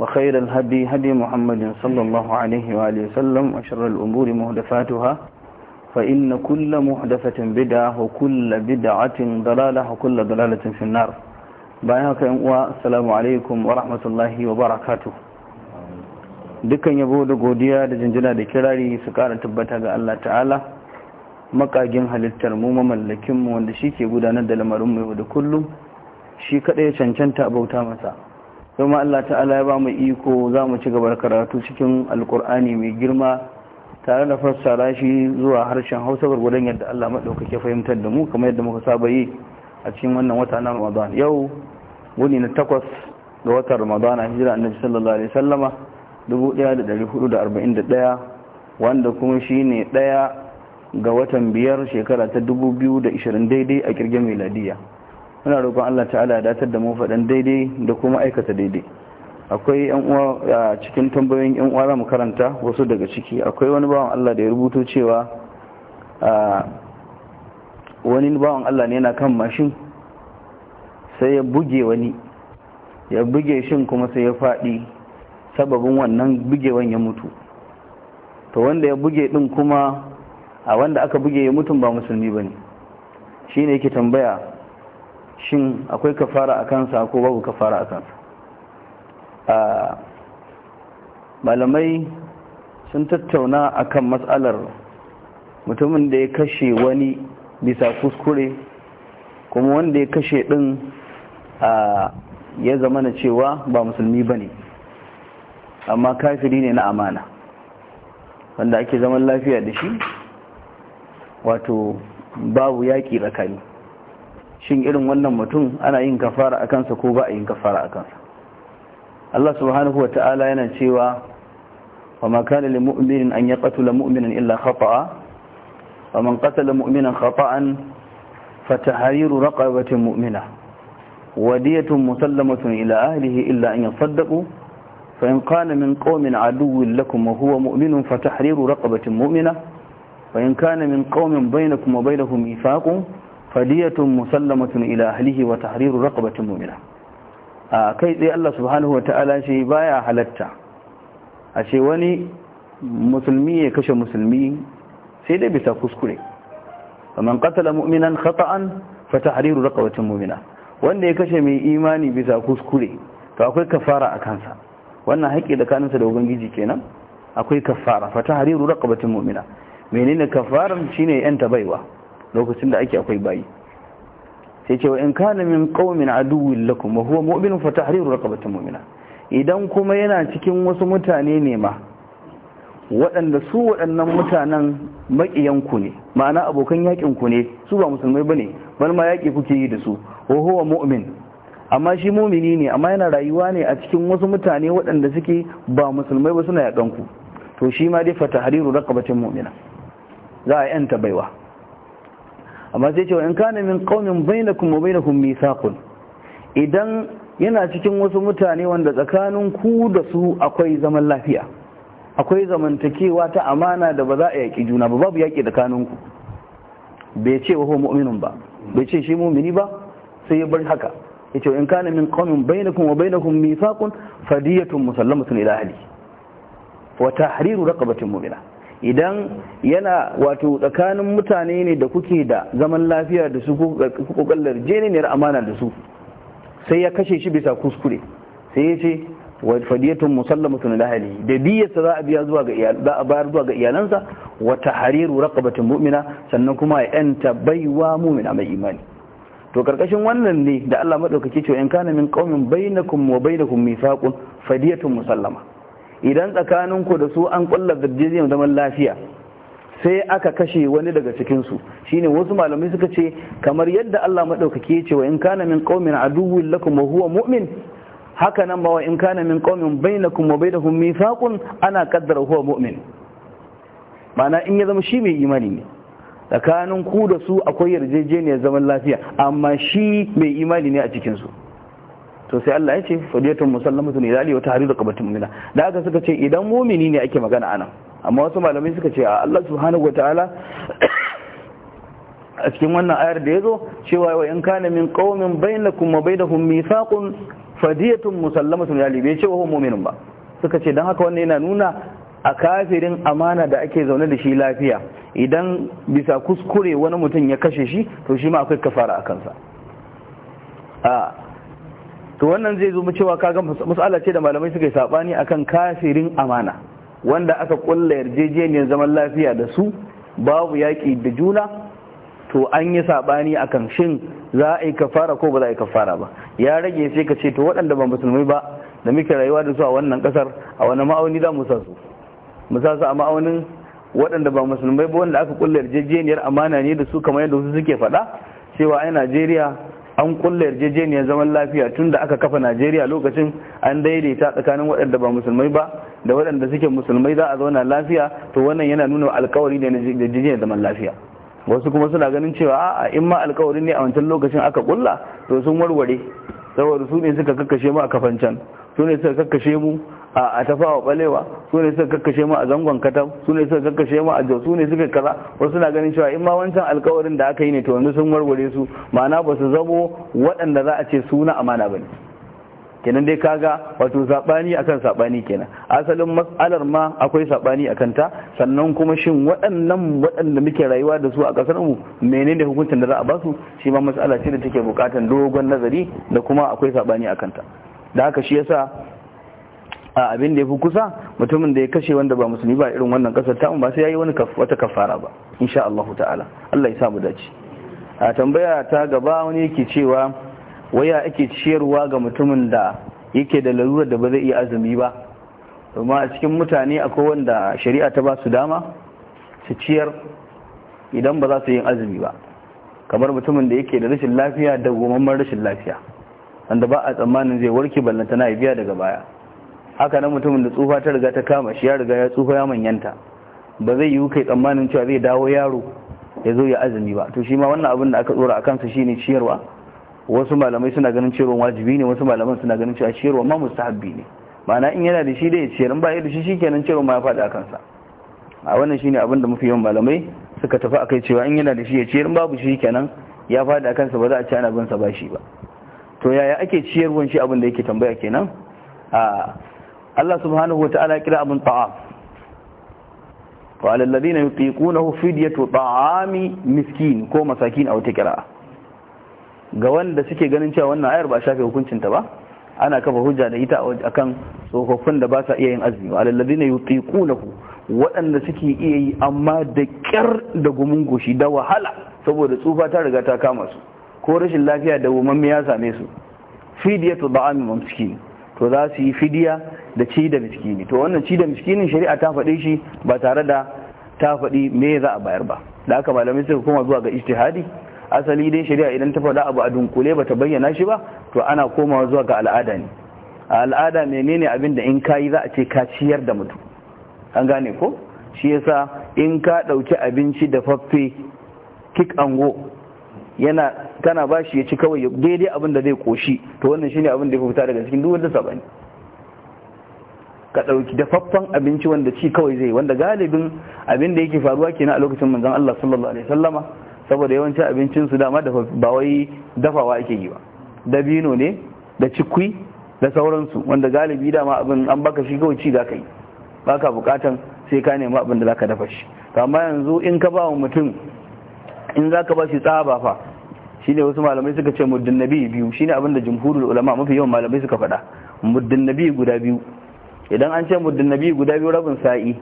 وخير الهدي هدي محمد صلى الله عليه وآله وسلم وشر الأمور مهدفاتها فإن كل مهدفة بدعة وكل بدعة ضلالة وكل ضلالة في النار بايهاك السلام عليكم ورحمة الله وبركاته dukkan yabo da godiya da jinjina da kirari su kara tabbata ga Allah ta'ala makagin halittar mu mamallakin mu wanda shi ke gudanar da lamarin mu yau da kullum shi kaɗai cancanta abauta masa kuma Allah ta'ala ya ba mu iko za mu ci gabar karatu cikin alkur'ani mai girma tare da fassara shi zuwa harshen hausa gwargwadon yadda Allah maɗaukake fahimtar da mu kamar yadda muka saba yi a cikin wannan wata na ramadan yau guni na takwas ga watan ramadan a hijira annabi sallallahu alaihi sallama 1441 wanda kuma shi ne ɗaya ga watan biyar shekara ta 2020 daidai a kirgin miladiya muna roƙon Allah ta'ala ya datar da mu faɗan daidai da kuma aikata daidai akwai yan uwa a cikin tambayoyin yan uwa mu karanta wasu daga ciki akwai wani bawan Allah da ya rubuto cewa wani bawan Allah ne yana kan mashin sai ya buge wani ya buge shin kuma sai ya faɗi sababin wannan bugewan ya mutu to wanda ya buge din kuma a wanda aka buge ya mutum ba musulmi bane shine yake tambaya shin akwai kafara a kansa ko babu kafara a kansa malamai sun tattauna akan matsalar mutumin da ya kashe wani bisa kuskure kuma wanda ya kashe din ya zama na cewa ba musulmi ba ne amma kafiri ne na amana wanda ake zaman lafiya da shi wato babu yaƙi tsakani shin irin wannan mutum ana yin kafara a kansa ko ba a yin kafara a kansa Allah subhanahu wa ta'ala yana cewa wa ma kana lil mu'minin an yaqtula mu'minan illa khata'a wa man qatala mu'minan khata'an fatahriru raqabatin mu'mina wadiyatun musallamatun ila ahlihi illa an yasaddaqu fa in kana min qaumin aduwwin lakum wa huwa mu'minun fatahriru raqabatin mu'mina wa in kana min qaumin bainakum wa bainahum mithaqun fadiyatun musallamatun ila ahlihi wa tahriru raqabatin mu'mina a kai tsaye Allah subhanahu wa ta'ala shi baya halatta a ce wani musulmi ya kashe musulmi sai dai bisa kuskure faman qatala mu'minan khata'an fa tahriru raqabatin mu'mina wanda ya kashe mai imani bisa kuskure to akwai kafara a kansa wannan haƙƙi da kaninsa da ubangiji kenan akwai kafara fa tahriru raqabatin mu'mina menene kafaran shine yanta baiwa lokacin da ake akwai bayi sai ce wa in kana min qaumin aduwwin lakum wa huwa mu'min fa tahriru raqabatin mu'mina idan kuma yana cikin wasu mutane ne ma waɗanda su waɗannan mutanen ku ne ma'ana abokan ku ne su ba musulmai ba ne bal ma yaƙi kuke yi da su wa huwa mu'min amma shi mumini ne amma yana rayuwa ne a cikin wasu mutane waɗanda suke ba musulmai ba suna ku. to shi ma dai fa tahriru raqabatin mu'mina za a yanta baiwa amma sai ce wa in kana min qaumin bainakum wa bainahum mithaqun idan yana cikin wasu mutane wanda tsakanin ku da su akwai zaman lafiya akwai zamantakewa ta amana da ba za a yaki juna ba babu yaƙi tsakanin ku bai ce wa mu'minun ba bai ce shi mu'mini ba sai ya bar haka yace in kana min qaumin bainakum wa bainahum mithaqun fadiyatun musallamatun ila ahli wa tahriru raqabatin mu'mina idan yana wato tsakanin mutane ne da kuke da zaman lafiya da su kokallar jeniyar amana da su sai ya kashe shi bisa kuskure sai ya ce wa fadiyatun musallamatun lahali da diyarsa za a biya zuwa ga za a bayar zuwa ga iyalansa wata hariru, raqabatin mu'mina sannan kuma ya yanta baiwa mu'mina mai imani to karkashin wannan ne da Allah madaukake cewa in kana min qaumin bainakum wa bainakum mithaqun fadiyatun musallama idan tsakaninku da su an kulla garjejiyar zaman lafiya sai aka kashe wani daga cikinsu shine wasu malamai suka ce kamar yadda Allah maɗaukaki ya ce wa in kana min qaumin aduwwin lakum wa huwa mu'min haka nan ma wa in kana min qaumin bainakum wa bainahum mithaqun ana qaddara huwa mu'min ma'ana in ya zama shi mai imani ne tsakanin ku da su akwai yarjejeniyar zaman lafiya amma shi mai imani ne a cikinsu to sai Allah ya ce fadiyatun musallamatun ilali wa tahriru qabati mu'mina da aka suka ce idan mu'mini ne ake magana anan amma wasu malamai suka ce Allah subhanahu wataala a cikin wannan ayar da yazo cewa wa in kana min qaumin bainakum wa bainahum mithaqun fadiyatun musallamatun ilali bai ce wa mu'minun ba suka ce dan haka wannan yana nuna a kafirin amana da ake zaune da shi lafiya idan bisa kuskure wani mutum ya kashe shi to shi ma akwai kafara a kansa to wannan zai zo mu cewa kaga mas'ala ce da malamai suka yi sabani akan kafirin amana wanda aka kulla yarjejeniyar zaman lafiya da su babu yaƙi da juna to an yi sabani akan shin za a yi kafara ko ba za a yi kafara ba ya rage sai ka ce to waɗanda ba musulmai ba da muke rayuwa da su a wannan ƙasar a wani ma'auni za mu sa su mu sa su a ma'aunin waɗanda ba musulmai ba wanda aka kulla yarjejeniyar amana ne da su kamar yadda su suke faɗa cewa ai Najeriya an kulla yarjejeniyar zaman lafiya tun da aka kafa najeriya lokacin an daidaita tsakanin waɗanda ba musulmai ba da waɗanda suke musulmai za a zauna lafiya to wannan yana nuna alkawari da yarjejeniyar zaman lafiya wasu kuma suna ganin cewa a in ma alkawari ne a wancan lokacin aka kulla to sun warware saboda su ne suka kakkashe mu a kafan su ne suka kakkashe mu a tafawa balewa su ne suka kakkashe mu a zangon katam su ne suka kakkashe mu a jau su ne suka kaza wasu na ganin cewa in ma wancan alkawarin da aka yi ne to wanda sun warware su ma'ana ba su zamo waɗanda za a ce suna amana ba ne kenan dai kaga wato sabani akan sabani kenan asalin mas'alar ma akwai sabani akan ta sannan kuma shin waɗannan waɗanda muke rayuwa da su a ƙasar mu menene hukuncin da za a ba su shi ma mas'ala ce da take buƙatar dogon nazari da kuma akwai sabani akan ta da haka shi yasa A abin da ya fi kusa mutumin da ya kashe wanda ba musulmi ba irin wannan kasar Tamu ba sai ya yi wani wata kafara ba insha Allah ta'ala Allah ya samu dace a tambaya ta gaba wani yake cewa waya ake ciyarwa ga mutumin da yake da lalurar da ba zai iya azumi ba amma a cikin mutane akwai wanda shari'a ta ba su dama su ciyar idan ba za su yi azumi ba kamar mutumin da yake da rashin lafiya da gomamman rashin lafiya wanda ba a tsammanin zai warke ballantana ya biya daga baya haka na mutumin da tsufa ta riga ta kama shi ya riga ya tsufa ya manyanta ba zai yi kai tsammanin cewa zai dawo yaro ya zo ya azumi ba to shi ma wannan abin da aka tsora a kansa shine ciyarwa wasu malamai suna ganin ciyarwa wajibi ne wasu malaman suna ganin cewa ciyarwa ma mustahabbi ne ma'ana in yana da shi da ya ciyar in ba ya da shi shikenan ciyarwa ma ya faɗi a kansa a wannan shine abin da mafi yawan malamai suka tafi akai cewa in yana da shi ya ciyar in babu shi kenan ya faɗi a kansa ba za a ci ana bin sa ba shi ba to yaya ake ciyarwan shi abin da yake tambaya kenan a Allah subhanahu wa ta'ala kira abin ta'am wa alladhina yutiqunahu fidyatu ta'ami miskin ko masakin a wata kira ga wanda suke ganin cewa wannan ayar ba shafe hukuncin ta ba ana kafa hujja da ita akan tsofaffin da ba sa iya yin azumi wa alladhina yutiqunahu waɗanda suke iya yi amma da kyar da gumin goshi da wahala saboda tsufa ta riga ta kama su ko rashin lafiya da wumammi ya same su fidiyatu da'ami mamsiki to za su yi fidiya da ci da miskini to wannan ci da miskinin shari'a ta faɗi shi ba tare da ta faɗi me za a bayar ba da haka malamai suka koma zuwa ga ijtihadi asali dai shari'a idan ta faɗa abu a dunkule bata bayyana shi ba to ana komawa zuwa ga al'ada ne a al'ada menene abin da in kayi za a ce ka ciyar da mutu? an gane ko shi yasa in ka ɗauki abinci da faffe kik ango yana kana bashi ya ci kawai daidai abin da zai koshi to wannan shine abin da ya fita daga cikin duk wanda sabani ka ɗauki dafaffen abinci wanda ci kawai zai wanda galibin abin da yake faruwa kenan a lokacin manzon Allah sallallahu alaihi wasallama saboda yawanci abincin su dama ba wai dafawa ake yi ba dabino ne da cikwi da sauransu wanda galibi dama abin an baka shi kawai ci za yi baka bukatan sai ka nemi abin da zaka dafa shi amma yanzu in ka ba wa mutum in zaka ba shi tsaba fa shine wasu malamai suka ce muddin nabi biyu shine abin da jumhurul ulama mafi yawan malamai suka faɗa muddin nabi guda biyu idan an ce muddin nabi guda biyu rabin sa'i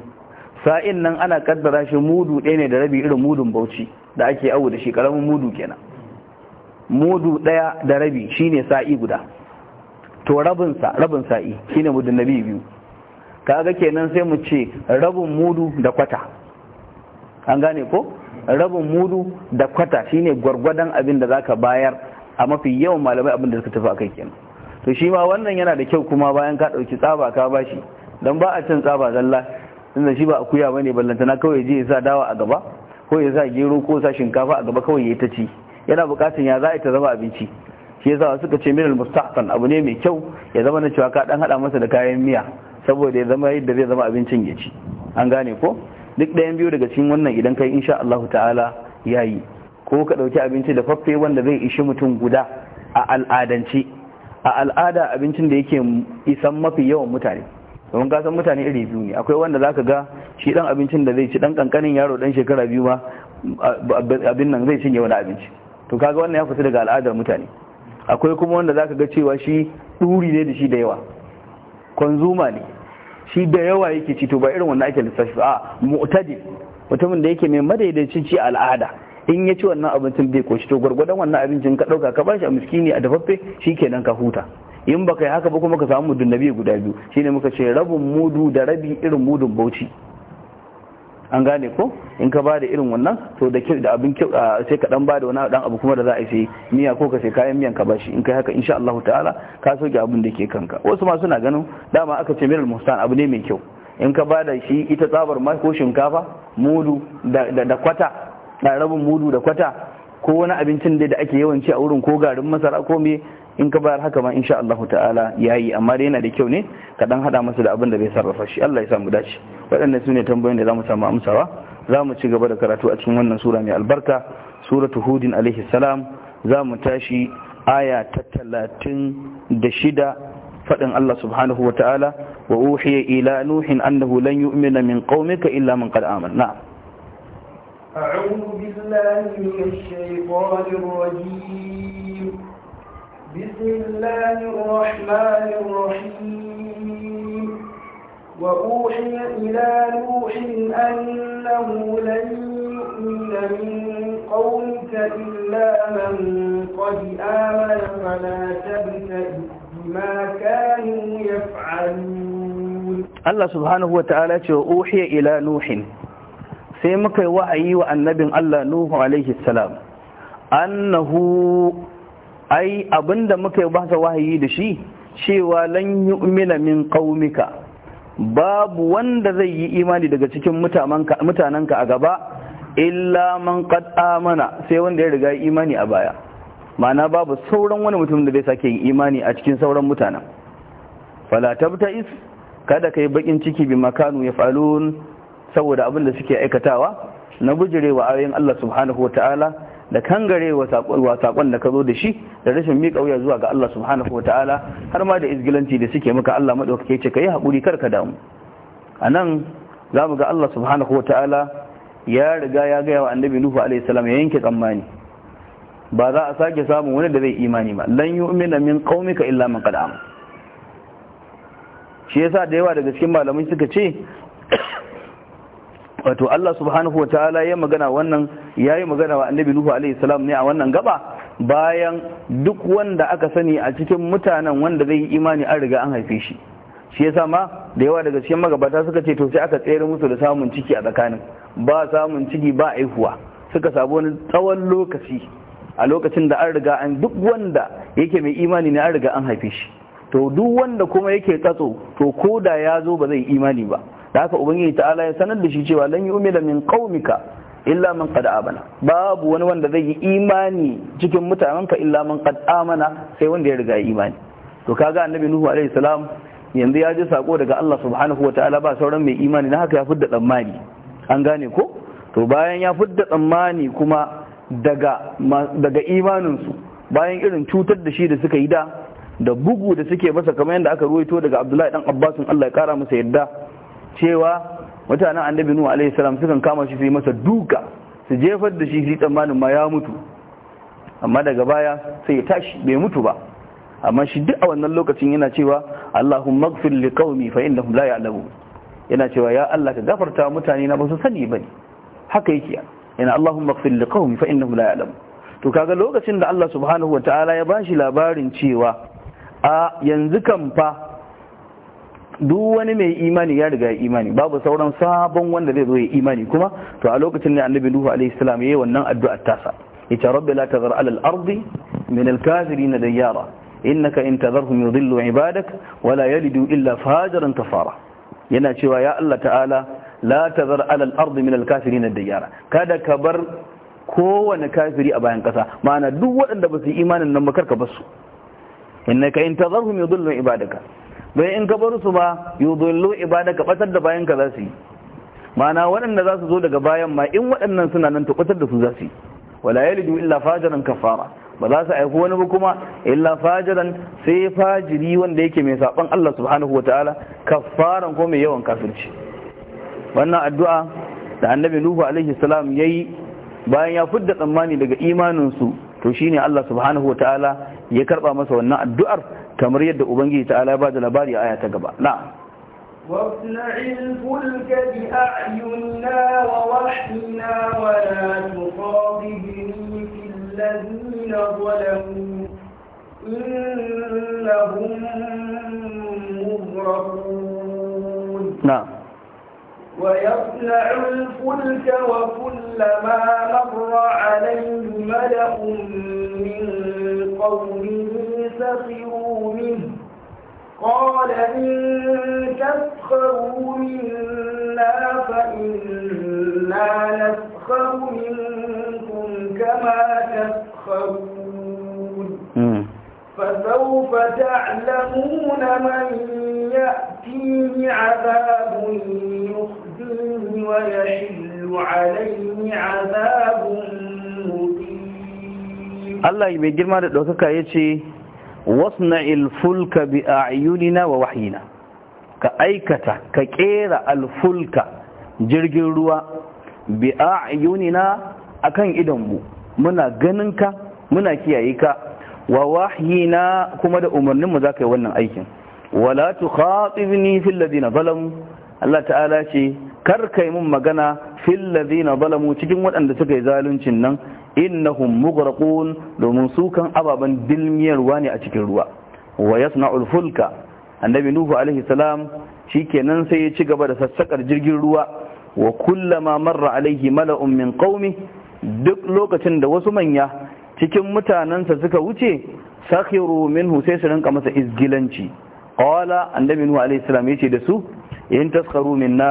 sa'in nan ana kaddara shi mudu ɗaya ne da rabi irin mudun bauchi da ake awo da shi karamin mudu kenan mudu ɗaya da rabi shine sa'i guda to rabin sa rabin sa'i shine muddin nabi biyu kaga kenan sai mu ce rabin mudu da kwata an gane ko rabin mudu da kwata shine gwargwadon abin da zaka bayar a mafi yawan malamai abin da suka tafi akai kenan to shi ma wannan yana da kyau kuma bayan ka ɗauki tsaba ka bashi dan ba a cin tsaba zalla tunda shi ba akuya bane ballantana kawai je ya sa dawa a gaba ko ya sa gero ko sa shinkafa a gaba kawai ya ta ci yana bukatun ya za a ta zama abinci shi yasa suka ce minal mustahsan abu ne mai kyau ya zama na cewa ka dan hada masa da kayan miya saboda ya zama yadda zai zama abincin ya ci an gane ko duk ɗayan biyu daga cikin wannan idan kai insha Allah ta'ala yayi ko ka dauki abinci da faffe wanda zai ishi mutum guda a al'adance a al'ada abincin da yake isan mafi yawan mutane domin kasan mutane iri biyu ne akwai wanda zaka ga shi dan abincin da zai ci dan kankanin yaro dan shekara biyu ma abin nan zai cinye wani abinci to kaga wannan ya fita daga al'adar mutane akwai kuma wanda zaka ga cewa shi duri ne da shi da yawa konzuma ne shi da yawa yake ci to ba irin wannan ake lissafi a mu'tadil mutumin da yake mai madaidaicin ci al'ada in ya ci wannan abincin bai koshi to gwargwadon wannan abincin ka ɗauka ka bashi a miskini a dafaffe nan ka huta in baka yi haka ba kuma ka samu mudun nabi guda biyu shine muka ce rabin mudu da rabi irin mudun bauchi an gane ko in ka bada irin wannan to da kyau da abin kyau sai ka dan bada wani dan abu kuma da za a yi sai miya ko ka sai kayan miyan ka bashi in kai haka insha Allah ta'ala ka soke abin da ke kanka wasu ma suna ganin dama aka ce miral mustan abu ne mai kyau in ka bada shi ita tsabar ma ko shinkafa mudu da kwata da rabin mudu da kwata ko wani abincin da ake yawan ci a wurin ko garin masara ko me in ka bayar haka ma insha Allah ta'ala yayi amma dai yana da kyau ne ka dan hada masa da abin da bai sarrafa shi Allah ya samu dace waɗannan sune tambayoyin da zamu samu amsawa zamu ci gaba da karatu a cikin wannan sura mai albarka suratu hudin alaihi salam zamu tashi aya ta 36 fadin Allah subhanahu wa ta'ala wa uhiya ila nuhin annahu lan yu'mina min qaumika illa man qad amana أعوذ بالله من الشيطان الرجيم بسم الله الرحمن الرحيم وأوحي إلى نوح أنه لن يؤمن من قومك إلا من قد آمن فلا تبتئ بما كانوا يفعلون الله سبحانه وتعالى أوحي إلى نوح sai muka yi wa'ayi wa annabin Allah Nuhu alaihi salam annahu ai abinda muka yi basa wahayi da shi cewa lan yu'mina min qaumika babu wanda zai yi imani daga cikin mutanenka a gaba illa man qad amana sai wanda ya riga imani a baya ma'ana babu sauran wani mutum da zai sake yi imani a cikin sauran mutanen fala tabta'is kada kai bakin ciki bi makanu yaf'alun saboda abin da suke aikatawa na wa ayoyin Allah subhanahu wa ta'ala da kangare wa saƙon da ka zo da shi da rashin miƙa wuya zuwa ga Allah subhanahu wa ta'ala har ma da izgilanci da suke maka Allah maɗaukake ce ka yi haƙuri kar ka damu a nan za mu ga Allah subhanahu wa ta'ala ya riga ya gaya wa annabi Nuhu alayhi salam ya yanke tsammani ba za a sake samun wani da zai imani ba lan yu'mina min qaumika illa man qad shi yasa da yawa daga cikin malamai suka ce wato Allah subhanahu wa ta'ala ya magana wannan ya yi magana wa annabi Nuhu alaihi salam ne a wannan gaba bayan duk wanda aka sani a cikin mutanen wanda zai yi imani an riga an haife shi shi yasa ma da yawa daga cikin magabata suka ce to sai aka tsere musu da samun ciki a tsakanin ba samun ciki ba aihuwa suka sabo wani tsawon lokaci a lokacin da an riga an duk wanda yake mai imani ne an riga an haife shi to duk wanda kuma yake tsatso to ko da ya zo ba zai imani ba da haka ubangiji ta'ala ya sanar da shi cewa lan da min qaumika illa man qad amana babu wani wanda zai yi imani cikin mutanenka illa man qad amana sai wanda ya riga imani to kaga annabi nuhu alaihi salam yanzu ya ji sako daga Allah subhanahu wataala ba sauran mai imani na haka ya fudda tsammani an gane ko to bayan ya fudda tsammani kuma daga daga imaninsu bayan irin cutar da shi da suka yi da da bugu da suke masa kamar yadda aka ruwaito daga Abdullahi dan Abbasin Allah ya kara masa yadda cewa mutanen annabi nuhu alaihi salam sukan kama shi su yi masa duka su jefar da shi shi tsammanin ma ya mutu amma daga baya sai ya tashi bai mutu ba amma shi duk a wannan lokacin yana cewa Allahumma li qaumi fa innahum la ya'lamu yana cewa ya Allah ka gafarta mutane na ba su sani bane haka yake yana Allahumma li qaumi fa innahum la ya'lamu to kaga lokacin da Allah subhanahu wataala ya bashi labarin cewa a yanzu kan fa duk wani mai imani ya riga ya imani babu sauran sabon wanda zai zo ya imani kuma to a lokacin ne annabi nuhu alaihi salam yayi wannan addu'a tasa yace rabbi la tazar ala al-ardi min al-kafirin diyara innaka in tazarhum yudillu ibadak wa yalidu illa fajaran kafara yana cewa ya Allah ta'ala la tazar ala al-ardi min al-kafirin diyara kada ka bar kowane kafiri a bayan kasa ma'ana duk waɗanda ba su yi imanin nan ba karka basu innaka in tazarhum yudillu ibadaka don in ka bar su ba ibada ka batar da bayan ka za su yi Mana waɗanda za su zo daga bayan ma in waɗannan suna nan ta batar da su za su yi wala yalidu illa fajiran kafara ba za su aiko wani ba kuma illa fajiran sai fajiri wanda yake mai saban Allah subhanahu wataala kafaran ko mai yawan kafirci wannan addu'a da annabi nuhu alaihi salam yayi bayan ya fudda tsammani daga imanin su to ne Allah subhanahu wa ta'ala ya karɓa masa wannan addu'ar kamar yadda ubangiji ta'ala ba da labari a aya ta gaba na'am واصنع الفلك بأعيننا ووحينا ولا تخاطبني في الذين ظلموا إنهم مغرقون ويصنع الفلك وكلما مر عليه ملأ من قومه سخروا منه قال إن تسخروا منا فإنا نسخر منكم كما تسخرون فسوف تعلمون من يأتيه عذاب يخزيه ويحل عليه عذاب Allah mai girma da ɗaukaka ya ce Wasna ilfulka bi ayyunina wa wahina, ka aikata ka ƙera alfulka jirgin ruwa bi ayyunina akan kan mu muna ganin muna kiyaye ka wa na kuma da umarnin mu zaka yi wannan aikin wala tukhatibni fil ladina zalamu Allah ta'ala ce kar kai mun magana fil ladina zalamu cikin waɗanda suka yi zaluncin nan innahum mughraqun domin su kan ababan dilmiyarwa ne a cikin ruwa wa yasna'ul fulka annabi nuhu alaihi salam shikenan sai ya ci gaba da sassakar jirgin ruwa wa kullama marra alaihi mala'un min qaumi duk lokacin da wasu manya cikin mutanensa suka wuce sakhiru minhu sai su rinka masa izgilanci qala annabi nuhu alaihi salam yace da su in taskharu minna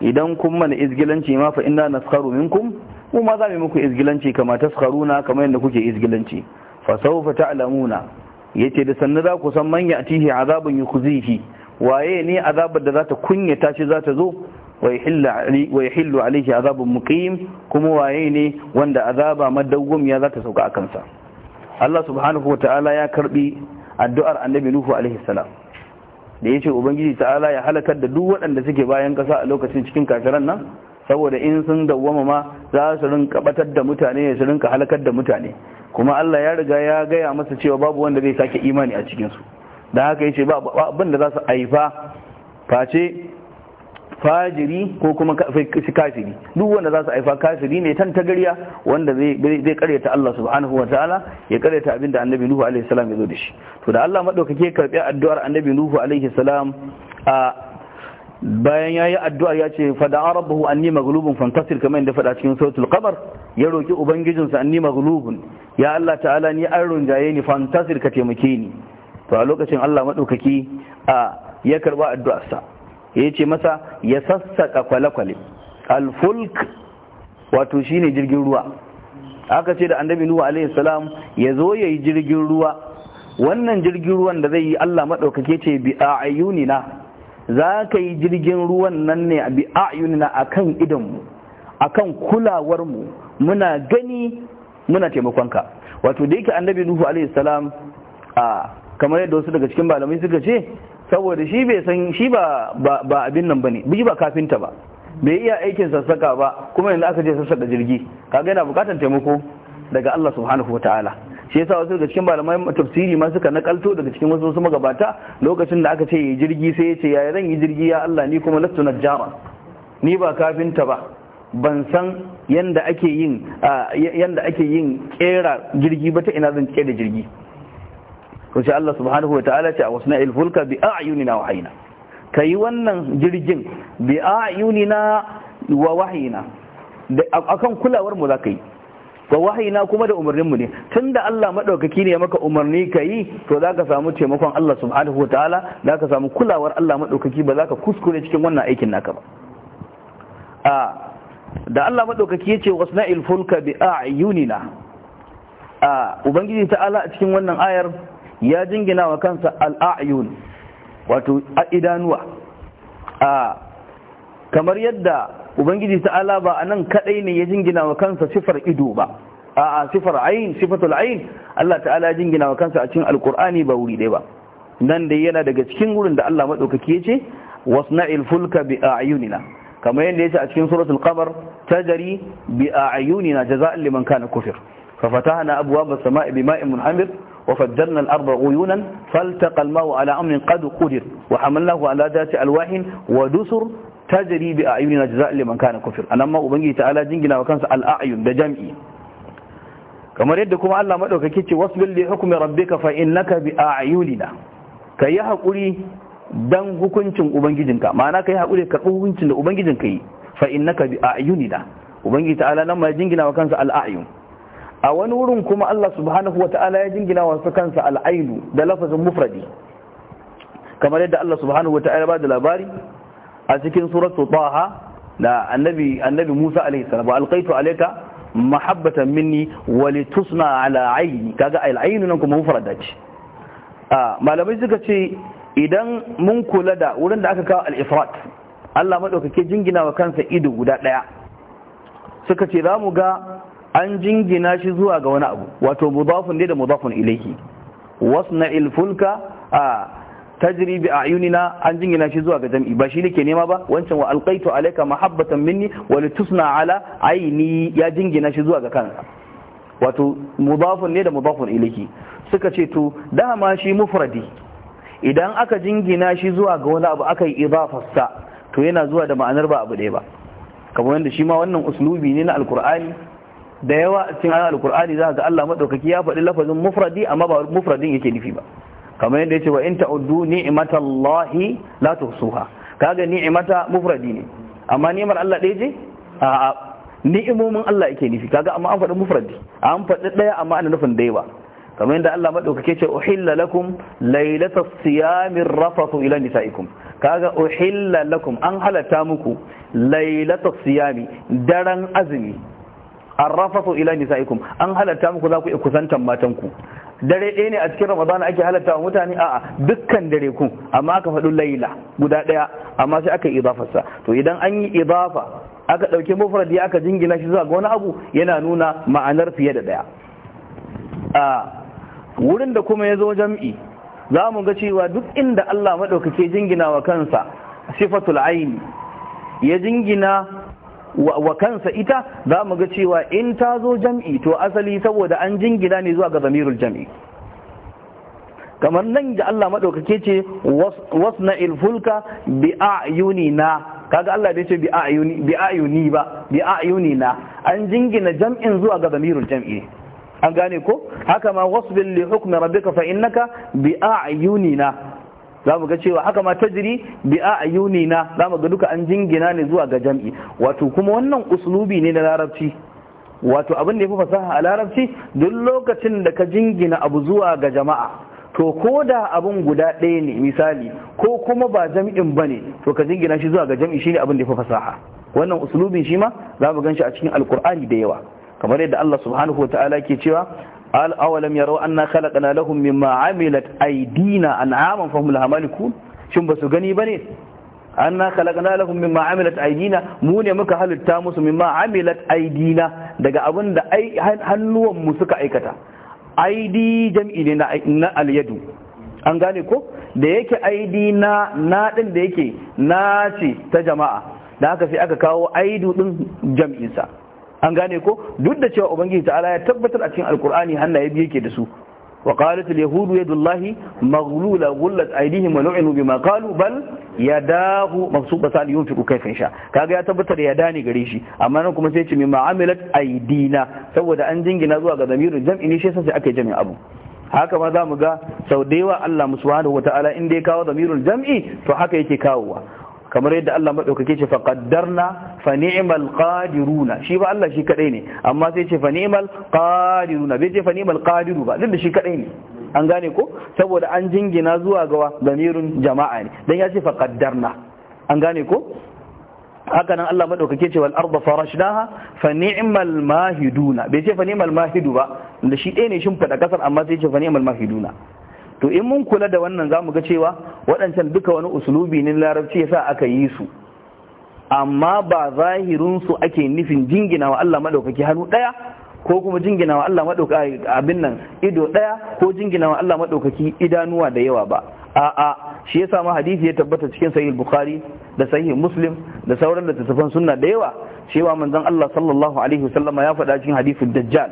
idan kun mana izgilanci ma fa inna naskharu minkum mu ma za mu muku izgilanci kama taskharuna kama yadda kuke izgilanci fa sawfa ta'lamuna yace da sannu za ku san man ya'tihi azabun yukhzihi waye ne azabar da za ta kunyata shi za ta zo wa yahillu alayhi azabun muqim kuma waye ne wanda azaba madawwamiya ya zata sauka a kansa Allah subhanahu wa ta'ala ya karbi addu'ar annabi Nuhu alayhi salam da yace ubangiji ta'ala ya halakar da duk waɗanda suke bayan kasa a lokacin cikin kafiran nan saboda in sun dawwama ma za su rinka batar da mutane su rinka halakar da mutane kuma Allah ya riga ya gaya masa cewa babu wanda zai sake imani a cikin su da haka yace ba abin da za su aifa face fajiri ko kuma kafiri duk wanda za su haifa kafiri tan tagariya wanda zai karyata Allah subhanahu wataala ya karyata abin da annabi nuhu alaihi salam ya zo da shi to da Allah madaukake karbi addu'ar annabi nuhu alaihi salam a bayan yayi addu'a ya ce fa da rabbuhu anni maghlubun fantasir kamar inda fada cikin suratul qamar ya roki ubangijin sa anni maghlubun ya Allah ta'ala ni an runjaye ni fantasir ka taimake ni to a lokacin Allah madaukaki a ya karba addu'arsa ya ce masa ya sassaka kwale-kwale alfulk wato ne jirgin ruwa aka ce da annabi nuhu alaihi salam ya zo ya yi jirgin ruwa wannan jirgin ruwan da zai yi Allah maɗaukake ce bi ayunina za ka yi jirgin ruwan nan ne bi ayunina akan idonmu kan kulawarmu muna gani muna taimakonka wato da yake annabi nuhu alaihi salam a kamar yadda wasu daga cikin malamai suka ce saboda shi bai san shi ba ba abin nan bane bi ba kafinta ba bai iya aikin sassaka ba kuma yanzu aka je sassaka jirgi kaga yana bukatar taimako daga Allah subhanahu wataala shi yasa wasu daga cikin malamai tafsiri ma suka nakalto daga cikin wasu wasu magabata lokacin da aka ce yayi jirgi sai ya ce yayi zan yi jirgi ya Allah ni kuma lastu najjara ni ba kafinta ba ban san yanda ake yin yanda ake yin kera jirgi ba ta ina zan kera jirgi to sai Allah subhanahu wa ta'ala ce a wasna'il fulka bi a'yunina wa Ka kai wannan jirgin bi a'yunina wa wahina akan kulawar mu za ka yi wa wahayina kuma da umarninmu ne tunda Allah madaukaki ne ya maka umarni ka yi to za ka samu taimakon Allah subhanahu wa ta'ala za ka samu kulawar Allah madaukaki ba za ka kuskure cikin wannan aikin naka ba a da Allah madaukaki ya ce wasna'il fulka bi a'yunina a ubangiji ta'ala a cikin wannan ayar ya jingina wa kansa al'ayun wato a idanuwa a kamar yadda ubangiji ta'ala ba a nan kadai ne ya jingina wa kansa sifar ido ba a sifar ayin sifatul ayin Allah ta'ala ya jingina wa kansa a cikin alkur'ani ba wuri ɗaya ba nan dai yana daga cikin wurin da Allah maɗaukaki ya ce wasna'il fulka bi a'yunina kamar yadda ya ce a cikin suratul qamar tajri bi a'yunina jaza'an liman kana kufir fa fatahna abwaaba as-sama'i bima'in وفجرنا الأرض عيونا فالتقى الماء على أمر قد قدر وحملناه على ذات ألواح ودسر tajari bi ayunina jaza'an liman kana kufir anan ma ubangiji ta'ala jingina wa kansa al'ayun da jam'i kamar yadda kuma Allah madaukake ce wasbil li hukmi rabbika fa innaka bi ayunina kai hakuri dan hukuncin ubangijinka ma'ana kai hakuri ka hukuncin da ubangijinka yi fa innaka bi ayunina ubangiji ta'ala nan ma jingina wa kansa al'ayun a wani wurin kuma Allah subhanahu wa ta'ala ya jingina wasu kansa al'ainu da lafazin mufradi kamar yadda Allah subhanahu wa ta'ala ba da labari a cikin suratu taha da annabi annabi Musa alaihi salam alqaitu alayka mahabbatan minni wa litusna ala aini kaga al'ainu nan kuma mufrada ce malamai suka ce idan mun kula da wurin da aka kawo al-ifrat Allah madaukake jingina wa kansa ido guda ɗaya. suka ce za mu ga an jingina shi zuwa ga wani abu wato mudafun dai da mudafun ilaihi wasna ilfulka a tajiribi a ayunina an jingina shi zuwa ga jam'i ba shi nake nema ba wancan wa alqaitu alayka mahabbatan minni wa litusna ala aini ya jingina shi zuwa ga kansa wato mudafun ne da mudafun ilaihi suka ce to dama shi mufradi idan aka jingina shi zuwa ga wani abu aka yi idafarsa to yana zuwa da ma'anar ba abu ɗaya ba kamar yadda shi ma wannan uslubi ne na alkur'ani da yawa a cikin ayoyin alkur'ani za ga Allah madaukaki ya faɗi lafazin mufradi amma ba mufradin yake nufi ba kamar yadda yace wa in ta'uddu ni'matallahi la tuhsuha kaga ni'mata mufradi ne amma ni'mar Allah ɗaya je? a ni'imomin Allah yake nufi kaga amma an faɗi mufradi an faɗi ɗaya amma ana nufin da yawa kamar yadda Allah madaukake ce uhilla lakum lailatas siyamir rafathu ila nisaikum kaga uhilla lakum an halata muku lailatas siyami daren azumi arrafasu ila nisaikum an halatta muku za ku iya kusantan matan ku dare ɗaya ne a cikin ramadana ake halatta wa mutane a'a dukkan dare ku amma aka faɗi laila guda ɗaya amma sai aka yi idafarsa to idan an yi idafa aka ɗauki ya aka jingina shi zuwa ga wani abu yana nuna ma'anar fiye da ɗaya a wurin da kuma ya zo jam'i za mu ga cewa duk inda Allah maɗaukake jingina wa kansa sifatul aini ya jingina wa kansa ita za mu ga cewa in ta zo jam'i to asali saboda an jingina ne zuwa ga zamirul jam'i kamar nan da Allah maɗaukake ce na ilfulka bi na, kaga Allah bai ce bi a yuni ba bi na an jingina jam'in zuwa ga zamirul jam'i an gane ko haka ma wasbil li rabbi ka fa naka bi na. za mu ga cewa haka ma a bi na. za mu ga duka an jingina ne zuwa ga jam'i wato kuma wannan uslubi ne na larabci wato abin da ya fi fasaha a larabci duk lokacin da ka jingina abu zuwa ga jama'a to ko da abin guda ɗaya ne misali ko kuma ba jam'in ba ne to ka jingina shi zuwa ga jam'i ne abin da ya fi fasaha wannan uslubin shi ma za mu gan shi a cikin alkur'ani da yawa kamar yadda Allah subhanahu wa ta'ala ke cewa al’awalam ya rawa anna khalaqana lahum mimma amilat aidina an’aman fahim lahamalikun shi ba su gani ba ne anna khalaqana lahum mimma amilat aidina mu ne muka halitta musu mimma amilat aidina daga abin da hannuwanmu suka aikata aidi jam’i ne na alyadu an gane ko da yake aidi na naɗin da yake nace ta jama’a da aka sai aka kawo aidu ɗin jam’insa an gane ko duk da cewa ubangiji ta'ala ya tabbatar a cikin alkur'ani hannaye biyu yake da su wa qalat al yahudu yadullahi maghlula ghullat aydihim wa nu'inu bima qalu bal yadahu mabsuqatan yunfiqu kayfa sha kaga ya tabbatar ya dani gare shi amma nan kuma sai ce mimma amilat aydina saboda an jingina zuwa ga zamirin jam'i ne shi sai aka jami abu haka ma za mu ga sau da yawa Allah subhanahu wata'ala in ya kawo zamirul jam'i to haka yake kawowa kamar yadda Allah maɗaukake ce fa qaddarna fa ni'mal qadiruna shi ba Allah shi kadai ne amma sai ce fa ni'mal qadiruna bai ce fa ni'mal qadiru ba duk da shi kadai ne an gane ko saboda an jingina zuwa gawa damirun jama'a ne dan ya ce fa qaddarna an gane ko haka nan Allah madaukake ce wal arda farashnaha fa ni'mal mahiduna bai ce fa ni'mal mahidu ba da shi ɗaya ne shin fada kasar amma sai ce fa ni'mal mahiduna to in mun kula da wannan za mu ga cewa waɗancan duka wani usulubi ne larabci sa aka yi su amma ba zahirinsu ake nufin jingina wa Allah maɗaukaki hannu ɗaya, ko kuma jingina wa Allah maɗaukaki abin nan ido ɗaya, ko jingina wa Allah maɗaukaki idanuwa da yawa ba a'a shi yasa ma hadisi ya tabbata cikin sahih bukhari da sahih muslim da sauran littattafan sunna da yawa cewa manzon Allah sallallahu alaihi wasallama ya faɗa cikin hadisin dajjal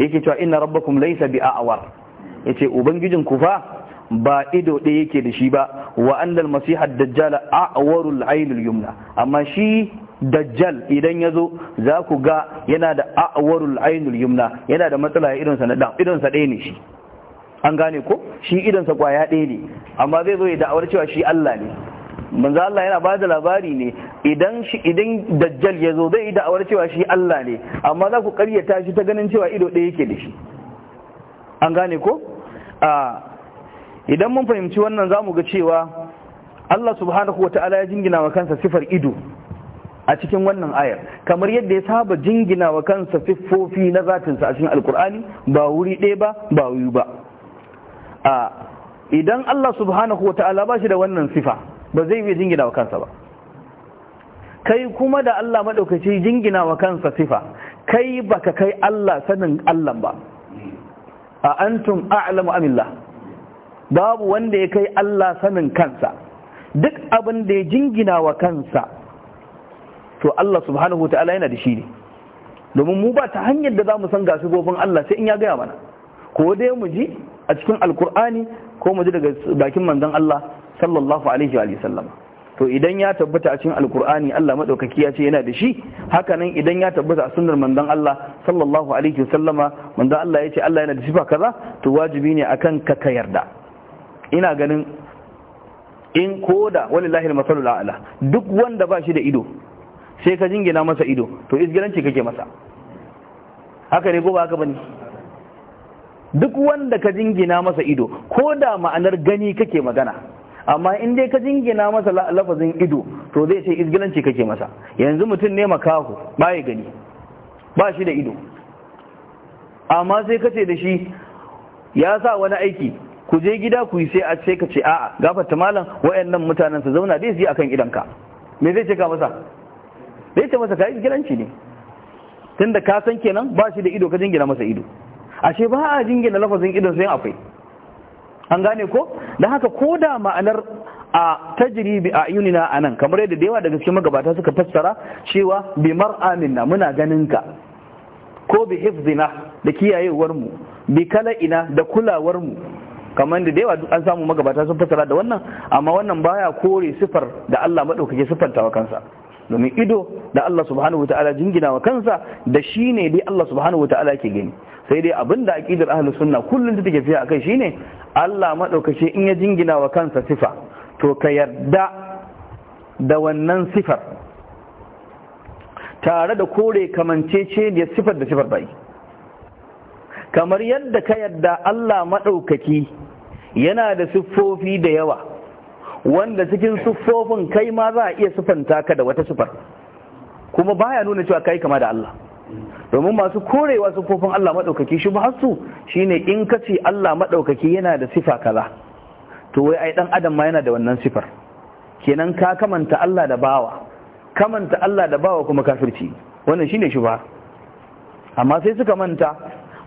yake cewa inna rabbakum laysa awar. yace ubangijin ku fa ba ido ɗaya yake da shi ba wa annal masihar dajjal a'warul ainul yumna amma shi dajjal idan ya zo za ku ga yana da a'warul ainul yumna yana da matsala ya idonsa na dan idonsa ɗaya ne shi an gane ko shi idonsa kwaya ɗaya ne amma zai zo ya da'awar cewa shi Allah ne manzo Allah yana ba da labari ne idan shi idan dajjal ya zo zai yi da'awar cewa shi Allah ne amma za ku ƙaryata shi ta ganin cewa ido ɗaya yake da shi an gane ko a idan mun fahimci wannan za mu ga cewa Allah subhanahu wa ta'ala ya jingina wa kansa sifar ido a cikin wannan ayar kamar yadda ya saba jingina wa kansa siffofi na zatinsa a cikin alkur'ani ba wuri ɗaya ba ba wuyu ba a idan Allah subhanahu wa ta'ala ba shi da wannan sifa ba zai iya jingina wa kansa ba kai kuma da Allah maɗaukaci jingina wa kansa sifa kai baka kai Allah sanin Allah ba a antum a'lamu amillah babu wanda ya kai Allah sanin kansa duk abin da ya jingina wa kansa to Allah subhanahu wa ta'ala yana da shi ne domin mu ba ta hanyar da za mu san gasu gobin Allah sai in ya gaya mana ko dai mu ji a cikin alkur'ani ko mu ji daga bakin manzon Allah sallallahu alaihi wa sallam to idan ya tabbata a cikin alkur'ani Allah madaukaki ya ce yana da shi hakanan idan ya tabbata a sunnar manzon Allah sallallahu alaihi wasallama manzon Allah ya ce Allah yana da sifa kaza to wajibi ne akan ka ka yarda ina ganin in koda walillahi almasalul a'la duk wanda ba shi da ido sai ka jingina masa ido to isgiranci kake masa haka ne ko ba haka bane duk wanda ka jingina masa ido ko da ma'anar gani kake magana amma in dai ka jingina masa lafazin ido to zai ce izgilanci kake masa yanzu mutum ne makaho ya gani ba shi da ido amma sai ka ce da shi ya sa wani aiki ku je gida ku yi sai a sai ka ce a'a gafarta malam wayannan mutanen su zauna dai su yi akan idanka me zai ce ka masa zai ce masa ka izgilanci ne da ka san kenan ba shi da ido ka jingina masa ido ashe ba a jingina lafazin idon sai akwai an gane ko don haka ko da ma'anar a tajribi a yunina a nan kamar yadda da yawa daga cikin magabata suka fassara cewa bi mar'aminna muna ganin ka ko bi hifzina da kiyayewar mu bi kala'ina da kulawar mu kamar da yawa an samu magabata sun fassara da wannan amma wannan baya kore sifar da Allah madaukake siffanta wa kansa domin ido da Allah subhanahu wa ta'ala jingina wa kansa da shi ne dai Allah subhanahu wa ta'ala ke gani sai dai abinda aqidar ahlus sunna kullun ta take fiya kai shine Allah madaukake in ya jingina wa kansa sifa to ka yarda da wannan sifar tare da kore kamance ce da sifar da sifar bai kamar yadda ka yarda Allah madaukaki yana da siffofi da yawa wanda cikin siffofin kai ma za a iya siffanta ka da wata siffar kuma baya nuna cewa kai kama da Allah domin masu korewa siffofin Allah maɗaukaki shi ba su shine in ka ce Allah maɗaukaki yana da sifa kaza to wai ai dan adam ma yana da wannan sifar kenan ka kamanta Allah da bawa kamanta Allah da bawa kuma kafirci wannan shine ba amma sai suka manta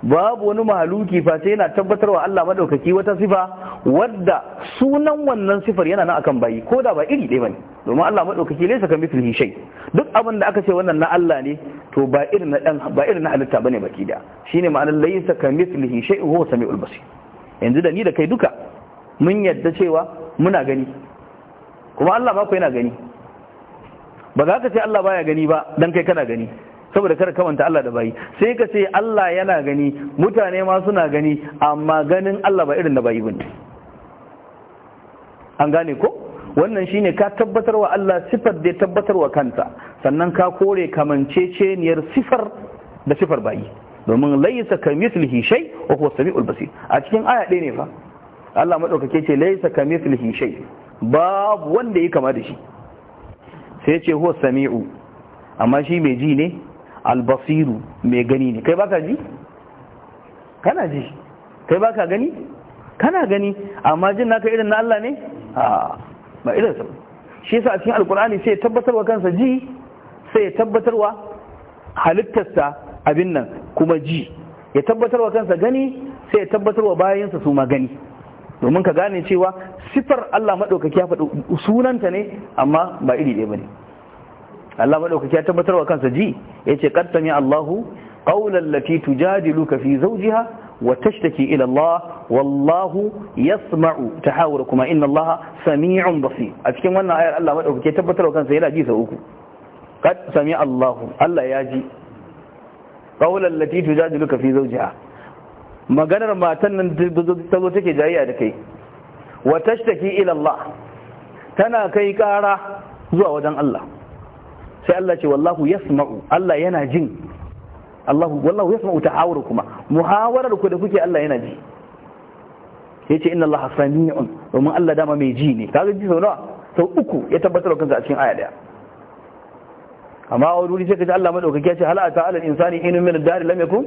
babu wani mahaluki fa sai yana wa Allah madaukaki wata sifa wadda sunan wannan sifar yana nan akan bayi ko da ba iri ɗaya bane domin Allah madaukaki laysa ka mithlihi shay duk abin da aka ce wannan na Allah ne to ba irin na dan ba irin na halitta bane baki da shine ma'anar laysa ka mithlihi shay huwa samiul basir yanzu da ni da kai duka mun yadda cewa muna gani kuma Allah ba ku yana gani ba za ka ce Allah baya gani ba dan kai kana gani saboda kada ka manta Allah da bayi sai ka ce Allah yana gani mutane ma suna gani amma ganin Allah ba irin da bayi bane an gane ko wannan shine ka tabbatar wa Allah sifar da tabbatar wa kanta sannan ka kore kamanceceniyar sifar da sifar bayi domin laysa kamithlihi shay wa huwa samiul basir a cikin aya ɗaya ne fa Allah madaukake ce laysa kamithlihi shay babu wanda ya kama da shi sai ce huwa sami'u amma shi mai ji ne albasiru mai gani ne kai baka ji kana ji kai baka gani kana gani amma jin naka irin na Allah ne a ba irin sa shi yasa a cikin alkur'ani sai ya wa kansa ji sai ya wa halittarsa abin nan kuma ji ya tabbatar wa kansa gani sai ya wa bayansa su ma gani domin ka gane cewa sifar Allah madaukaki ya faɗi sunanta ne amma ba iri ɗaya ba ne Allah madaukaki ya tabbatar wa kansa ji yace qad Allahu qawlan lati tujadiluka fi zawjiha wa tashtaki ila Allah wallahu yasma'u tahawurakuma inna Allah sami'un basir a cikin wannan ayar Allah madaukaki ya tabbatar wa kansa yana ji sa uku qad Allahu Allah ya ji qawlan lati tujadiluka fi zawjiha maganar matan nan ta zo take jayayya da kai wa tashtaki ila Allah tana kai kara zuwa wajen Allah sai Allah ce wallahu yasma'u Allah yana jin Allah wallahu yasma'u kuma muhawarar ku da kuke Allah yana ji yace inna Allah sami'un domin Allah dama mai ji ne kaga ji sau nawa sau uku ya tabbatar kansa a cikin aya daya amma a wuri sai kaji Allah madaukaki ya ce hal ata alal insani hinun min ad-dar lam yakun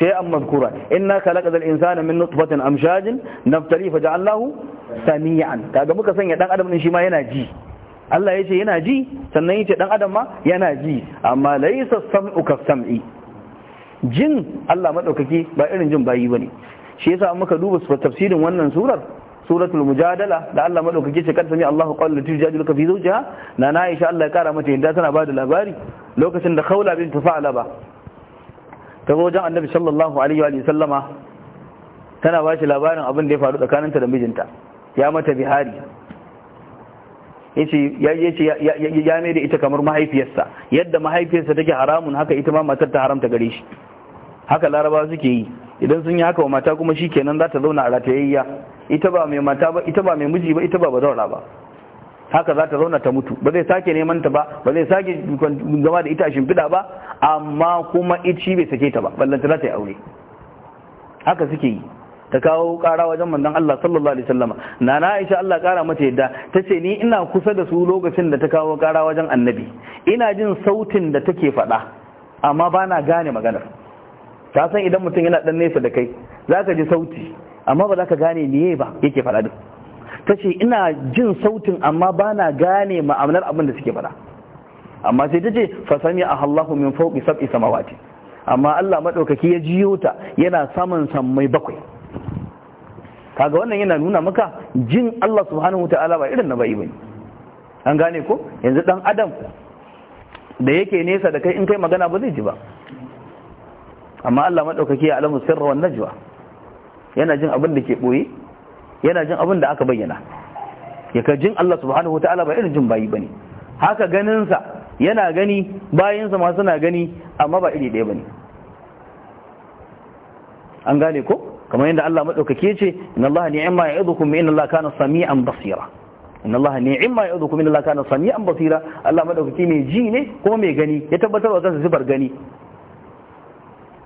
shay'an madhkura inna khalaqna al-insana min nutfatin amshajin naftali faja'alnahu sami'an kaga muka sanya dan adam din shi ma yana ji Allah ya ce yana ji sannan ya ce ɗan adam ma yana ji amma laisa sam'u ka sam'i jin Allah maɗaukaki ba irin jin bayi ba ne shi yasa muka duba tafsirin wannan surar suratul mujadala da Allah madaukake ce kan sami Allahu da lati ka fi zawjiha na na Aisha Allah ya kara mata yadda tana bada labari lokacin da Khawla bin Tufa'la ba ta zo wajen Annabi sallallahu alaihi wa sallama tana ba shi labarin abin da ya faru tsakaninta da mijinta ya mata bihari ya mai da ita kamar mahaifiyarsa yadda mahaifiyarsa take haramun haka ita ma matar ta haramta gare shi haka laraba suke yi idan sun yi haka wa mata kuma shi kenan za ta zauna a ratayayya ita ba mai mata ba ita ba mai miji ba ita ba ba haka za ta zauna ta mutu ba zai sake neman ta ba ba zai sake zama da ita a shimfiɗa ba amma kuma shi bai sake ta ba ballanta za ta yi aure haka suke yi ta kawo kara wajen manzon Allah sallallahu alaihi wasallam na Aisha Allah kara mata yadda ce ni ina kusa da su lokacin da ta kawo kara wajen annabi ina jin sautin da take faɗa amma bana gane maganar ta san idan mutum yana ɗan nesa da kai zaka ji sauti amma ba za ka gane niye ba yake faɗa din tace ina jin sautin amma bana gane ma'amalar abin da suke faɗa amma sai tace fa sami ahallahu min fawqi sab'i samawati amma Allah madaukaki ya jiyo ta yana saman mai bakwai kaga wannan yana nuna maka jin Allah subhanahu wataala ba irin na bai bane an gane ko yanzu dan adam da yake nesa da kai in kai magana ba zai ji ba amma Allah madaukaki ya alamu sirra wan najwa yana jin abin da ke boye yana jin abin da aka bayyana ka jin Allah subhanahu wataala ba irin jin bayi bane haka ganin sa yana gani bayinsa ma suna gani amma ba iri ɗaya bane an gane ko kamar yadda Allah madaukake ce inna Allah ni'ma ya'idukum inna Allah kana sami'an basira inna Allah ni'ma ya'idukum inna Allah kana sami'an basira Allah madaukake mai ji ne kuma mai gani ya tabbatar wa kansa sifar gani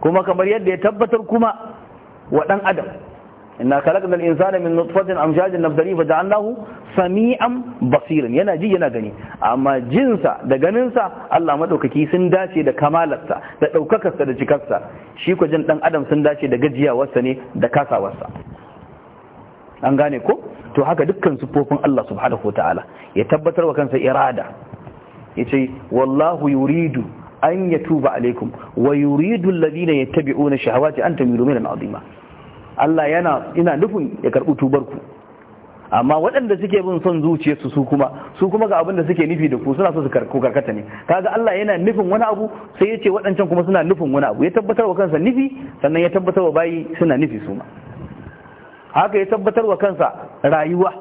kuma kamar yadda ya tabbatar kuma wa dan adam inna khalaqnal insana min nutfatin amshajin nabtali faja'alnahu sami'an basiran yana ji yana gani amma jinsa da ganinsa Allah madaukaki sun dace da kamalarsa da ɗaukakarsa da cikarsa shi ko jin dan adam sun dace da gajiyawarsa ne da kasawarsa an gane ko to haka dukkan sufofin Allah subhanahu wataala ya tabbatar wa kansa irada yace wallahu yuridu an yatuba alaikum wa yuridu alladhina yattabi'una shahawati an tamilu milan azima Allah yana ina nufin ya karɓi tubarku amma waɗanda suke bin son zuciyarsu su kuma su kuma ga abin da suke nufi da ku suna so su karkata ne kaga Allah yana nufin wani abu sai ya ce waɗancan kuma suna nufin wani abu ya tabbatar wa kansa nufi sannan ya tabbatar wa bayi suna nufi su ma haka ya tabbatar wa kansa rayuwa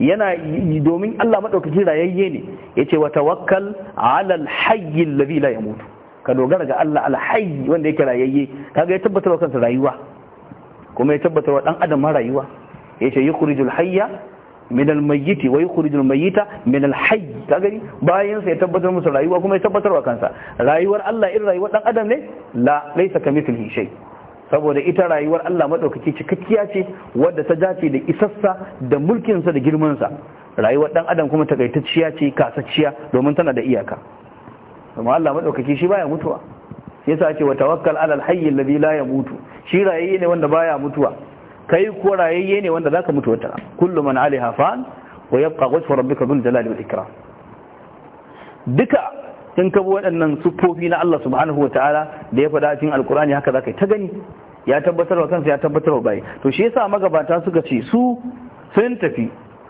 yana domin Allah madaukaki rayayye ne yace wa tawakkal ala alhayy alladhi la yamut ka dogara ga Allah alhayy wanda yake rayayye kaga ya tabbatar wa kansa rayuwa kuma ya tabbatar wa dan adam rayuwa yace yukhrijul hayya min almayyiti wa yukhrijul mayyita min alhayi. ka gani bayan sa ya tabbatar musu rayuwa kuma ya tabbatar wa kansa rayuwar Allah irin rayuwar dan adam ne la laysa kamithlihi shay saboda ita rayuwar Allah madaukaki cikakkiya ce wadda ta dace da isassa da mulkinsa da girmansa rayuwar ɗan adam kuma takaitacciya ce kasacciya domin tana da iyaka kuma Allah madaukaki shi baya mutuwa yasa ce wa tawakkal alal hayy alladhi la yamutu shi rayayye ne wanda baya mutuwa kai ko rayayye ne wanda zaka mutu wata kullu man alaiha fan wa yabqa wajhu rabbika dhul jalali wal ikram duka in ka bi waɗannan siffofi na Allah subhanahu wa ta'ala da ya faɗa cikin alqur'ani haka zaka ta gani ya tabbatar wa kansa ya tabbatar wa bai to shi yasa magabata suka ce su sun tafi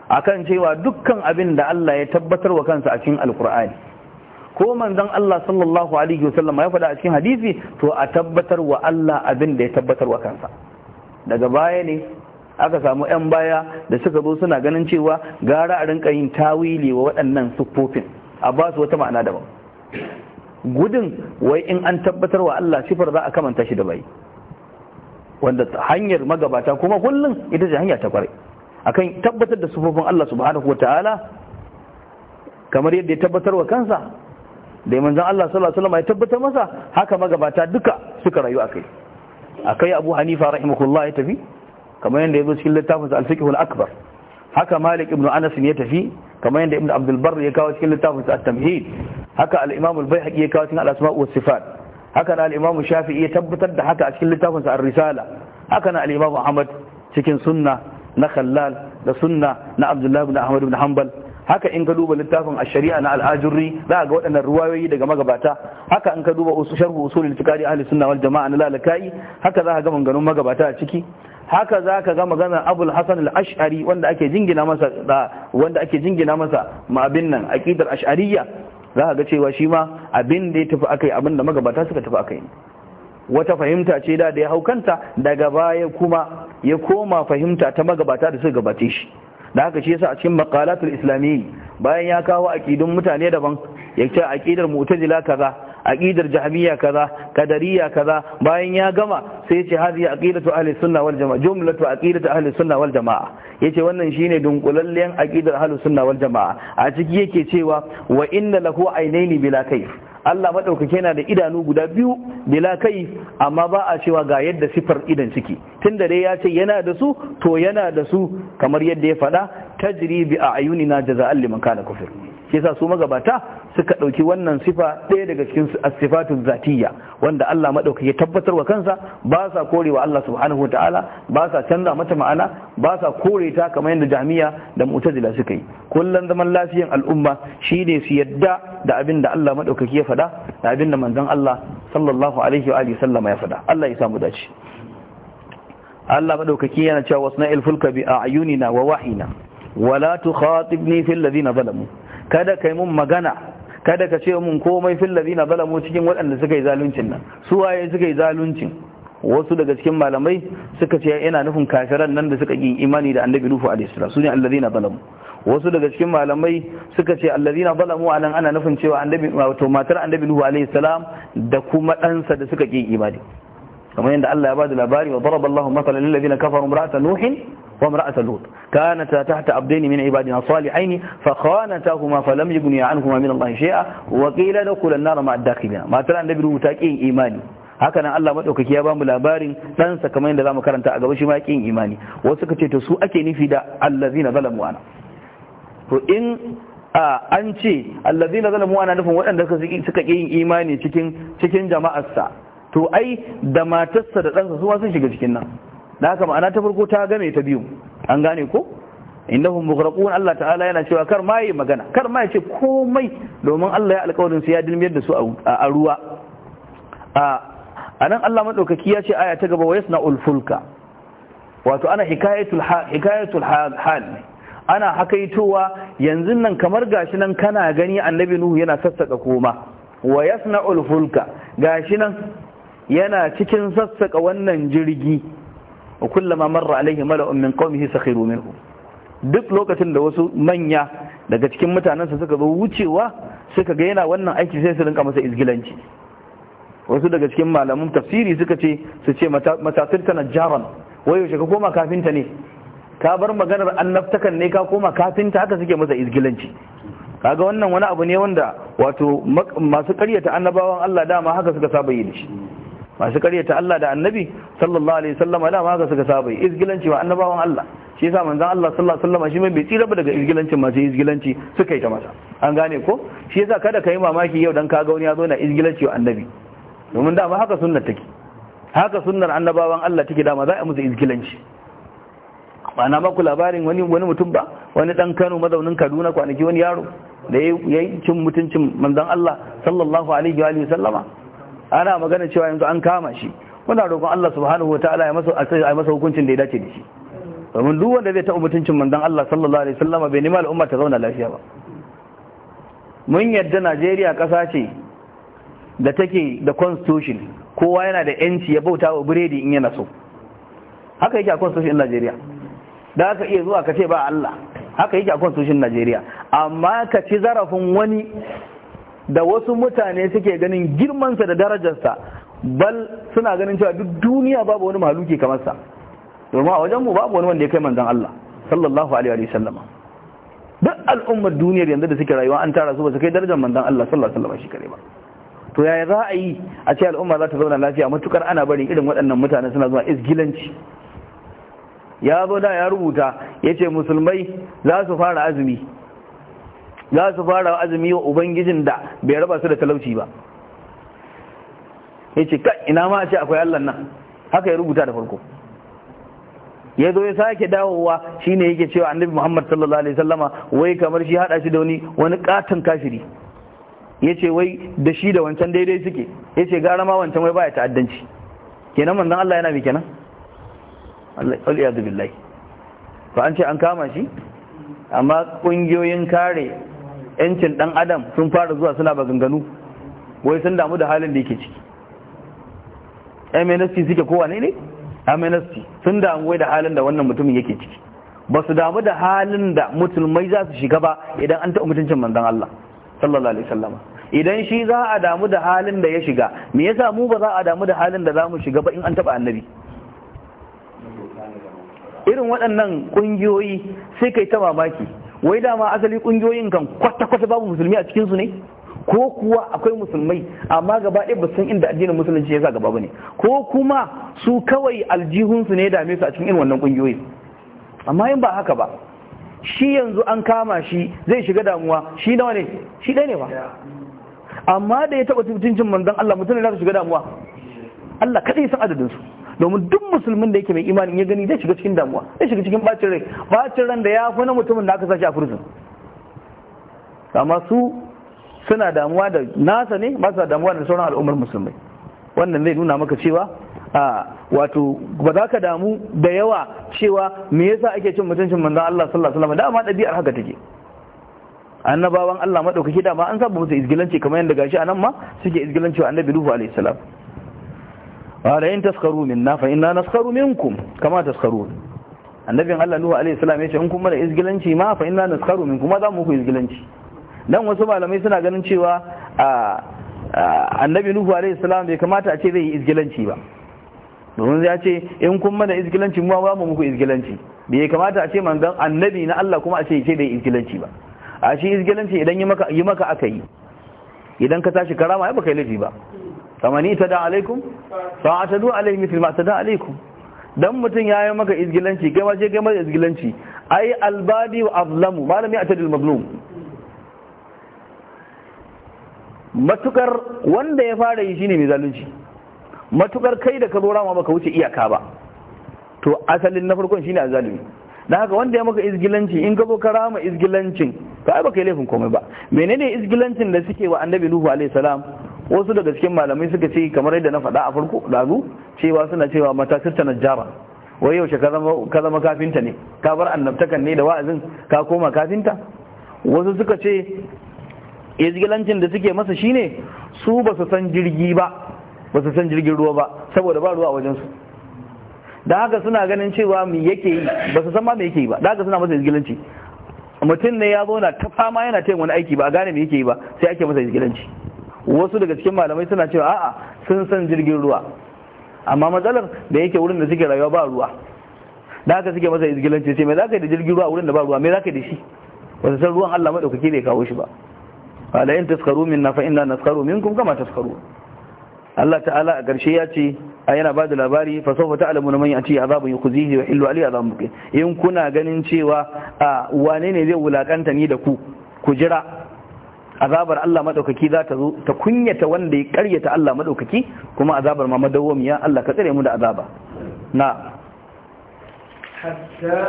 akan cewa dukkan abin da Allah ya tabbatar wa kansa a cikin alqur'ani ko manzon Allah sallallahu alaihi wasallam ya faɗa a cikin hadisi to a tabbatar wa Allah abin da ya tabbatar wa kansa daga baya ne aka samu 'yan baya da suka zo suna ganin cewa gara a rinka yin tawili wa waɗannan siffofin a ba su wata ma'ana daban gudun wai in an tabbatar wa Allah sifar za a kamanta shi da bai wanda hanyar magabata kuma kullum ita ce hanya ta kware akan tabbatar da sufofin Allah subhanahu wataala kamar yadda ya tabbatar wa kansa da manzon Allah sallallahu alaihi wasallam ya tabbata masa haka magabata duka suka rayu akai akai Abu Hanifa rahimahullah ya tafi kamar yanda yazo cikin littafin sa al-fiqh al-akbar haka Malik ibn Anas ya tafi kamar yanda Ibn Abdul Barr ya kawo cikin littafin sa at-tamhid haka al-Imam al-Baihaqi ya kawo cikin al-asma' wa sifat haka al-Imam Shafi'i ya tabbatar da haka a cikin littafin sa ar-risala haka na al-Imam Ahmad cikin sunna na Khallal da sunna na Abdullah ibn Ahmad ibn Hanbal haka in ka duba littafin ash-shari'a na al-ajurri a ga waɗannan ruwayoyi daga magabata haka in ka duba usul sharhu usul al-fiqh ahli sunna wal jama'a na lalakai haka za ka ga maganganun magabata a ciki haka za ka ga maganar abul hasan al-ash'ari wanda ake jingina masa wanda ake jingina masa ma abin nan aqidar ash'ariyya za ka ga cewa shi ma abin da ya tafi akai abin da magabata suka tafi akai wata fahimta ce da da ya haukanta daga baya kuma ya koma fahimta ta magabata da suka gabace shi da haka shi yasa a cikin maqalatul islamiyyi bayan ya kawo aqidun mutane daban ya ce aqidar mu'tazila kaza aqidar jahmiya kaza kadariya kaza bayan ya gama sai ya ce hadhihi aqidatu ahli sunna wal jamaa jumlatu aqidatu ahli sunna wal jamaa yace wannan shine dunkulallen aqidar ahli sunna wal jamaa a ciki yake cewa wa inna lahu aynaini bila kayf Allah maɗaukaki yana da idanu guda biyu bila kai amma ba a cewa ga yadda sifar idan ciki tun dai ya ce yana da su to yana da su kamar yadda ya faɗa tajribi bi a ayunina jaza'an liman kana kufir shi yasa su magabata suka ɗauki wannan sifa ɗaya daga cikin sifatun zatiyya wanda Allah maɗaukaki ya tabbatar wa kansa ba sa korewa Allah subhanahu wataala ba sa canza mata ma'ana ba sa kore ta kamar yadda jami'a da mu'tazila suka yi kullum zaman lafiyan al'umma shine su yadda da abin da Allah maɗaukaki ya faɗa da abin da manzon Allah sallallahu alaihi wa alihi sallama ya faɗa Allah ya samu dace Allah maɗaukaki yana cewa wasna'il fulka bi a'yunina wa wahina wala tukhatibni fil ladina zalamu kada ka yi mun magana kada ka ce mun komai fil ladina zalamu cikin waɗanda suka yi zaluncin nan su waye suka yi zaluncin wasu daga cikin malamai suka ce ina nufin kafiran nan da suka yi imani da annabi nuhu alaihi salam ne alladina zalamu wasu daga cikin malamai suka ce alladina zalamu anan ana nufin cewa annabi wato matar annabi nuhu alaihi salam da kuma ɗansa da suka yi imani kamar yadda Allah ya bada labari wa daraba Allahu mathalan lil ladina kafaru imra'ata nuhin وامرأة لوط كانتا تحت عبدين من عبادنا صالحين فخانتاهما فلم يغني عنهما من الله شيئا وقيل دخل النار مع الداخلين ما ترى النبي لوط إيماني haka nan Allah maɗaukaki ya bamu labarin ɗansa kamar yadda zamu karanta a gaba shi ma yakin imani wasu suka ce to su ake nufi da allazina zalamu ana to in an ce allazina zalamu ana nufin waɗanda suka ki yin imani cikin cikin jama'arsa to ai da matarsa da ɗansa su ma sun shiga cikin nan da haka ma'ana ta farko ta game ta biyu an gane ko innahum mughraqun Allah ta'ala yana cewa kar ma yi magana kar ma ce komai domin Allah ya alƙawarin su ya dilmiyar da su a ruwa a nan Allah madaukaki ya ce aya ta gaba wa fulka wato ana hikayatul hikayatul hal ana hakaitowa yanzu nan kamar gashi nan kana gani annabi nuhu yana sassaka koma Wayas na fulka gashi nan yana cikin sassaka wannan jirgi wa kullama marra alaihi mala'un min qaumihi sakhiru minhu duk lokacin da wasu manya daga cikin su suka zo wucewa suka ga yana wannan aiki sai su rinka masa izgilanci wasu daga cikin malamin tafsiri suka ce su ce matasirta na jaran wai yaushe ka koma kafinta ne ka bar maganar annabtakan ne ka koma kafinta haka suke masa izgilanci kaga wannan wani abu ne wanda wato masu karyata annabawan Allah dama haka suka saba yi da shi masu karyata Allah da annabi sallallahu alaihi wasallam da ma ga suka saba izgilanci wa annabawan Allah shi yasa manzon Allah sallallahu alaihi wasallam shi mai bai tsira ba daga izgilancin masu izgilanci suka yi ta masa an gane ko shi yasa kada kai mamaki yau dan kaga wani ya zo na izgilanci wa annabi domin dama haka sunnar take haka sunnar annabawan Allah take dama za a musu izgilanci ba na maku labarin wani wani mutum ba wani dan Kano mazaunin Kaduna kwanaki wani yaro da yi cin mutuncin manzon Allah sallallahu alaihi wa sallama ana magana cewa yanzu an kama shi muna roƙon Allah subhanahu ta'ala ya masa hukuncin da ya dace da shi domin duk wanda zai taɓa mutuncin manzon Allah sallallahu alaihi wasallam bai nima al'umma ta zauna lafiya ba mun yadda Najeriya ƙasa ce da take da constitution kowa yana da yanci ya bauta wa biredi in yana so haka yake a constitution Najeriya da aka iya zuwa ka ce ba Allah haka yake a constitution Najeriya amma ka ci zarafin wani da wasu mutane suke ganin girmansa da darajarsa bal suna ganin cewa duk duniya babu wani mahaluki kamar sa domin a wajen mu babu wani wanda ya kai manzon Allah sallallahu alaihi wa sallama duk al'ummar duniyar yanzu da suke rayuwa an tara su ba su kai darajar manzon Allah sallallahu alaihi wa sallama shi kare ba to yaya za a yi a ce al'umma za ta zauna lafiya matukar ana barin irin waɗannan mutane suna zuwa isgilanci ya zo da ya rubuta ya ce musulmai za su fara azumi za su fara azumi wa ubangijin da bai raba su da talauci ba ce kai ina ma a ce akwai Allah nan haka ya rubuta da farko ya zo ya sake dawowa shine yake cewa annabi Muhammad sallallahu alaihi sallama wai kamar shi hada shi da wani wani katon kafiri ce wai da shi da wancan daidai suke Ya ce gara ma wancan wai baya ta'addanci kenan manzan Allah yana bi kenan Allah ya lai ba an ce an kama shi amma kungiyoyin kare yancin dan adam sun fara zuwa suna ganganu wai sun damu da halin da yake ciki MNST suke kowa ne ne MNST sun damu wai da halin da wannan mutumin yake ciki ba su damu da halin da mutumai za su shiga ba idan an taɓa mutuncin manzan Allah sallallahu alaihi wasallam idan shi za a damu da halin da ya shiga me yasa mu ba za a damu da halin da za mu shiga ba in an taɓa annabi irin waɗannan ƙungiyoyi sai kai ta mamaki wai dama asali kungiyoyin kan kwata-kwata babu musulmi a cikinsu ne ko kuwa akwai musulmai amma gaba ɗaya ba san inda addinin musulunci ya sa gaba ba ne. ko kuma su kawai aljihunsu ne dame su a cikin irin wannan kungiyoyi amma in ba haka ba shi yanzu an kama shi zai shiga damuwa shi nawa ne shi ɗaya ne ba amma da ya taɓa mutuncin manzon Allah mutum ne za su shiga damuwa Allah kaɗai san adadinsu domin duk musulmin da yake mai imani ya gani zai shiga cikin damuwa zai shiga cikin bacin rai bacin ran da ya fi na mutumin da aka sashi a prison amma su suna damuwa da nasa ne ba su damuwa da sauran al'ummar musulmai wannan zai nuna maka cewa a wato ba za ka damu da yawa cewa me yasa ake cin mutuncin manzon Allah sallallahu alaihi wasallam amma ɗabi'ar haka take annabawan Allah madaukaki ma an saba musu izgilanci kamar yadda gashi anan ma suke izgilanci wa annabi Nuhu alaihi salam wala in taskaru minna fa inna naskaru minkum kama taskarun annabin Allah Nuhu alaihi salam ya ce in kun mana izgilanci ma fa inna naskaru minkum ma za mu ku izgilanci dan wasu malamai suna ganin cewa annabi Nuhu alaihi salam bai kamata a ce zai yi izgilanci ba domin ya ce in kun mana izgilanci mu ba mu muku izgilanci bai kamata a ce manzon annabi na Allah kuma a ce ce bai izgilanci ba a shi izgilanci idan yi maka yi maka aka yi idan ka tashi karama ai baka yi laifi ba famani ta da alaikum fa ta du alaihi mithl ma ta da alaikum dan mutun yayi maka izgilanci kai waje kai ma izgilanci ai albadi wa azlamu malami atadil mazlum matukar wanda ya fara yi shine mai zalunci matukar kai da ka zo rama maka wuce iyaka ba to asalin na farkon shine azalimi dan haka wanda ya maka izgilanci in ka zo ka rama izgilancin ka ai kai laifin komai ba menene izgilancin da suke wa annabi nuhu alaihi salam wasu daga cikin malamai suka ce kamar yadda na faɗa a farko dazu cewa suna cewa mata sirta jara wai yaushe ka zama kafinta ne ka bar annabtakan ne da wa'azin ka koma kafinta wasu suka ce izgilancin da suke masa shine su ba su san jirgi ba ba su san jirgin ruwa ba saboda ba ruwa a wajensu da haka suna ganin cewa me yake yi ba su san ma me yake yi ba da haka suna masa izgilanci mutum ne ya na ta fama yana tayin wani aiki ba a gane me yake yi ba sai ake masa izgilanci wasu daga cikin malamai suna cewa a'a sun san jirgin ruwa amma matsalar da yake wurin da suke rayuwa ba ruwa da haka suke masa izgilanci sai mai zaka da jirgin ruwa wurin da ba ruwa mai zaka da shi Wasu san ruwan Allah madaukake ne kawo shi ba ala in taskaru minna fa inna naskaru minkum kama taskaru Allah ta'ala a ƙarshe ya ce a yana ba da labari fa sawfa ce a zaɓin azabun zihi wa illu Aliyu azabun muqim in kuna ganin cewa a wane ne zai wulaƙanta ni da ku ku jira azabar Allah madaukaki za ta zo ta kunyata wanda ya karyata Allah madaukaki kuma azabar ma madawwamiya Allah ka tsare mu da azaba na حتى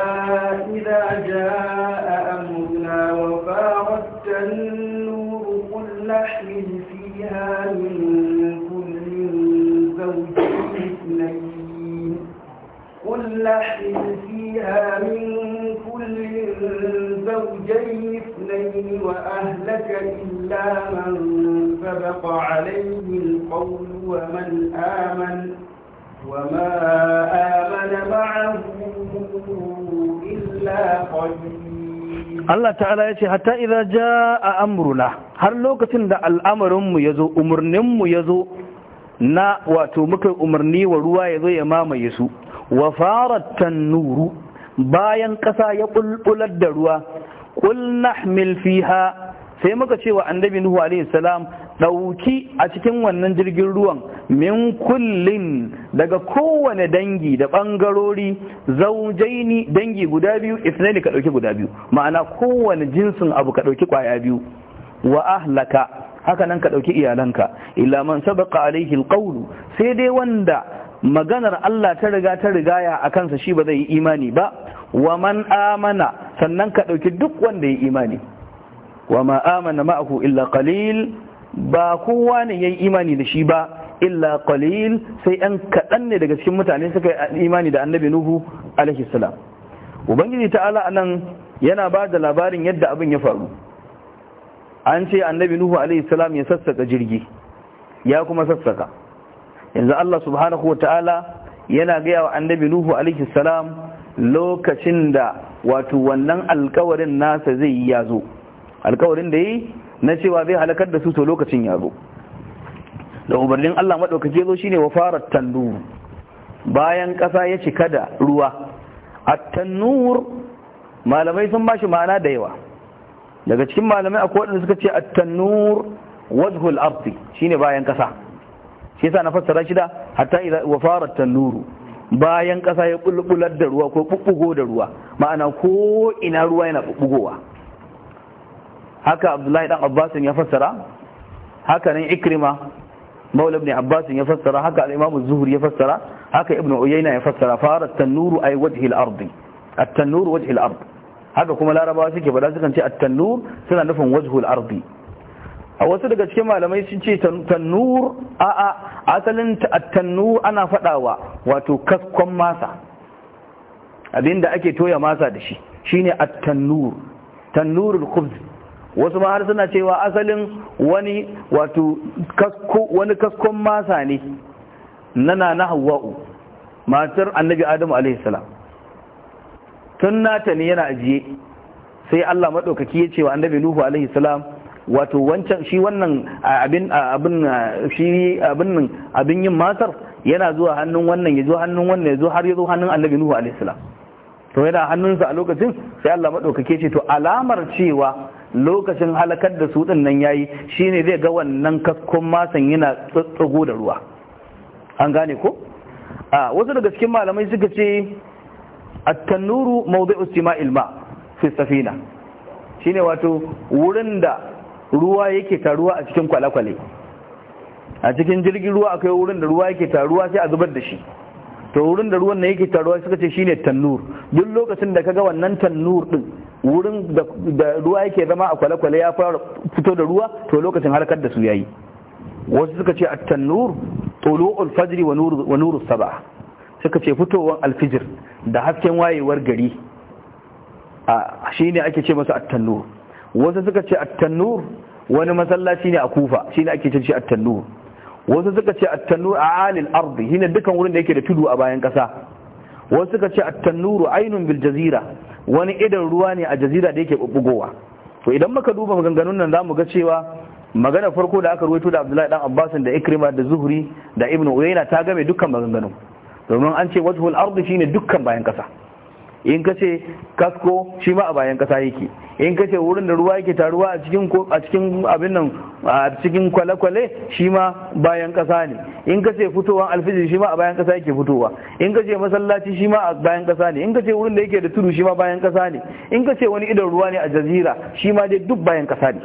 إذا جاء أمرنا وفاغت النور قل نحمل فيها من كل زوجين اثنين قل نحمل فيها من كل زوجين اثنين وأهلك إلا من سبق عليه القول ومن آمن وما آمن معه إلا قليل الله تعالى يشي حتى إذا جاء أمرنا هل لو كتن دع الأمر أم يزو أمر يزو نا واتو مكر أمرني ورواي يزو يمام يسو وفارت النور bayan ƙasa ya ƙulƙular da ruwa ƙul nahmil fiha sai muka ce wa annabi nuhu alaihi ɗauki a cikin wannan jirgin ruwan min kullin daga kowane dangi da ɓangarori zaujaini dangi guda biyu isnaini ka ɗauki guda biyu ma'ana kowane jinsin abu ka ɗauki ƙwaya biyu wa ahlaka haka nan ka ɗauki iyalanka illa man sabaqa alaihi alqawlu sai dai wanda maganar Allah ta riga ta rigaya a kansa shi ba zai yi imani ba wa man amana sannan ka ɗauki duk wanda ya imani wa ma amana ma'ahu illa qalil ba kowa ne ya yi imani da shi ba illa qalil sai ɗan kaɗan ne daga cikin mutane suka yi imani da annabi nuhu alaihi salam ubangiji ta'ala anan yana ba da labarin yadda abin ya faru an ce annabi nuhu alaihi salam ya sassaka jirgi ya kuma sassaka yanzu Allah subhanahu wa ta'ala yana gaya wa annabi Nuhu alaihi salam lokacin da wato wannan alkawarin nasa zai yi yazo alkawarin da yi na cewa zai halakar da su to lokacin yazo da umarnin Allah madaukake zo shine wa fara tandu. bayan kasa ya cika da ruwa at-tanur malamai sun bashi ma'ana da yawa daga cikin malamai akwai wanda suka ce at-tanur wajhul ardi shine bayan ƙasa shi yasa na fassara shi da hatta idza wafarat tanuru bayan kasa ya bulbular da ruwa ko bubbugo da ruwa ma'ana ko ina ruwa yana bubbugowa haka abdullahi dan abbas ya fassara haka nan ikrima maula ibn abbas ya fassara haka al-imam zuhri ya fassara haka ibn uyayna ya fassara farat tanuru ay wajhi al-ard at tanuru wajhi al-ard haka kuma larabawa suke fada sukan ce at-tanur suna nufin wajhu al-ard a wasu daga cikin malamai sun ce tannur a a asalin tannur ana fadawa wato kaskon masa abinda ake toya masa da shi shine at-tannur tannurul khubz wasu ma har suna cewa asalin wani wato kasko wani kaskon masa ne nana na hawa'u matar annabi adamu alaihi salam tun nata ne yana ajiye sai Allah madaukaki ya ce wa annabi nuhu alaihi salam wato wancan shi wannan abin abin shi abin abin yin matar yana zuwa hannun wannan ya zo hannun wannan ya zo har ya zo hannun annabi nuhu alaihi salam to yana hannunsa a lokacin sai Allah madaukake ce to alamar cewa lokacin halakar da su din nan yayi shine zai ga wannan kaskon masan yana tsatsago da ruwa an gane ko a wasu daga cikin malamai suka ce at-tanuru mawdi'u istima'il ma fi safina shine wato wurin da ruwa yake taruwa a cikin kwale-kwale a cikin jirgin ruwa akwai wurin da ruwa yake taruwa sai a zubar da shi to wurin da ruwan na yake taruwa suka ce shine tannur duk lokacin da kaga wannan tannur din wurin da ruwa yake zama a kwale-kwale ya fara fito da ruwa to lokacin harkar da su yayi wasu suka ce at-tannur tulu'ul fajr wa nuru wa nuru sabah suka ce fitowar alfijir da hasken wayewar gari a shine ake ce masa at-tannur wasu suka ce at wani masallaci ne a kufa ne ake cin shi wasu suka ce at a alil ardi shi ne dukan wurin da yake da tudu a bayan kasa wasu suka ce at a ainun bil jazira wani idan ruwa ne a jazira da yake bubbugowa to idan muka duba maganganun nan zamu ga cewa magana farko da aka ruwaito da Abdullahi dan Abbas da Ikrima da Zuhri da Ibn Uyayna ta game dukkan maganganun domin an ce wajhul ardi shine dukkan bayan kasa in ka ce kasko shi ma a bayan kasa yake in ka ce wurin da ruwa yake taruwa a cikin a cikin abin nan a cikin kwale-kwale shi ma bayan kasa ne in ka ce fitowar alfiji shi ma a bayan kasa yake fitowa in ka ce masallaci shi ma a bayan kasa ne in ka ce wurin da yake da tudu shi ma bayan kasa ne in ka ce wani idon ruwa ne a jazira shi ma dai duk bayan kasa ne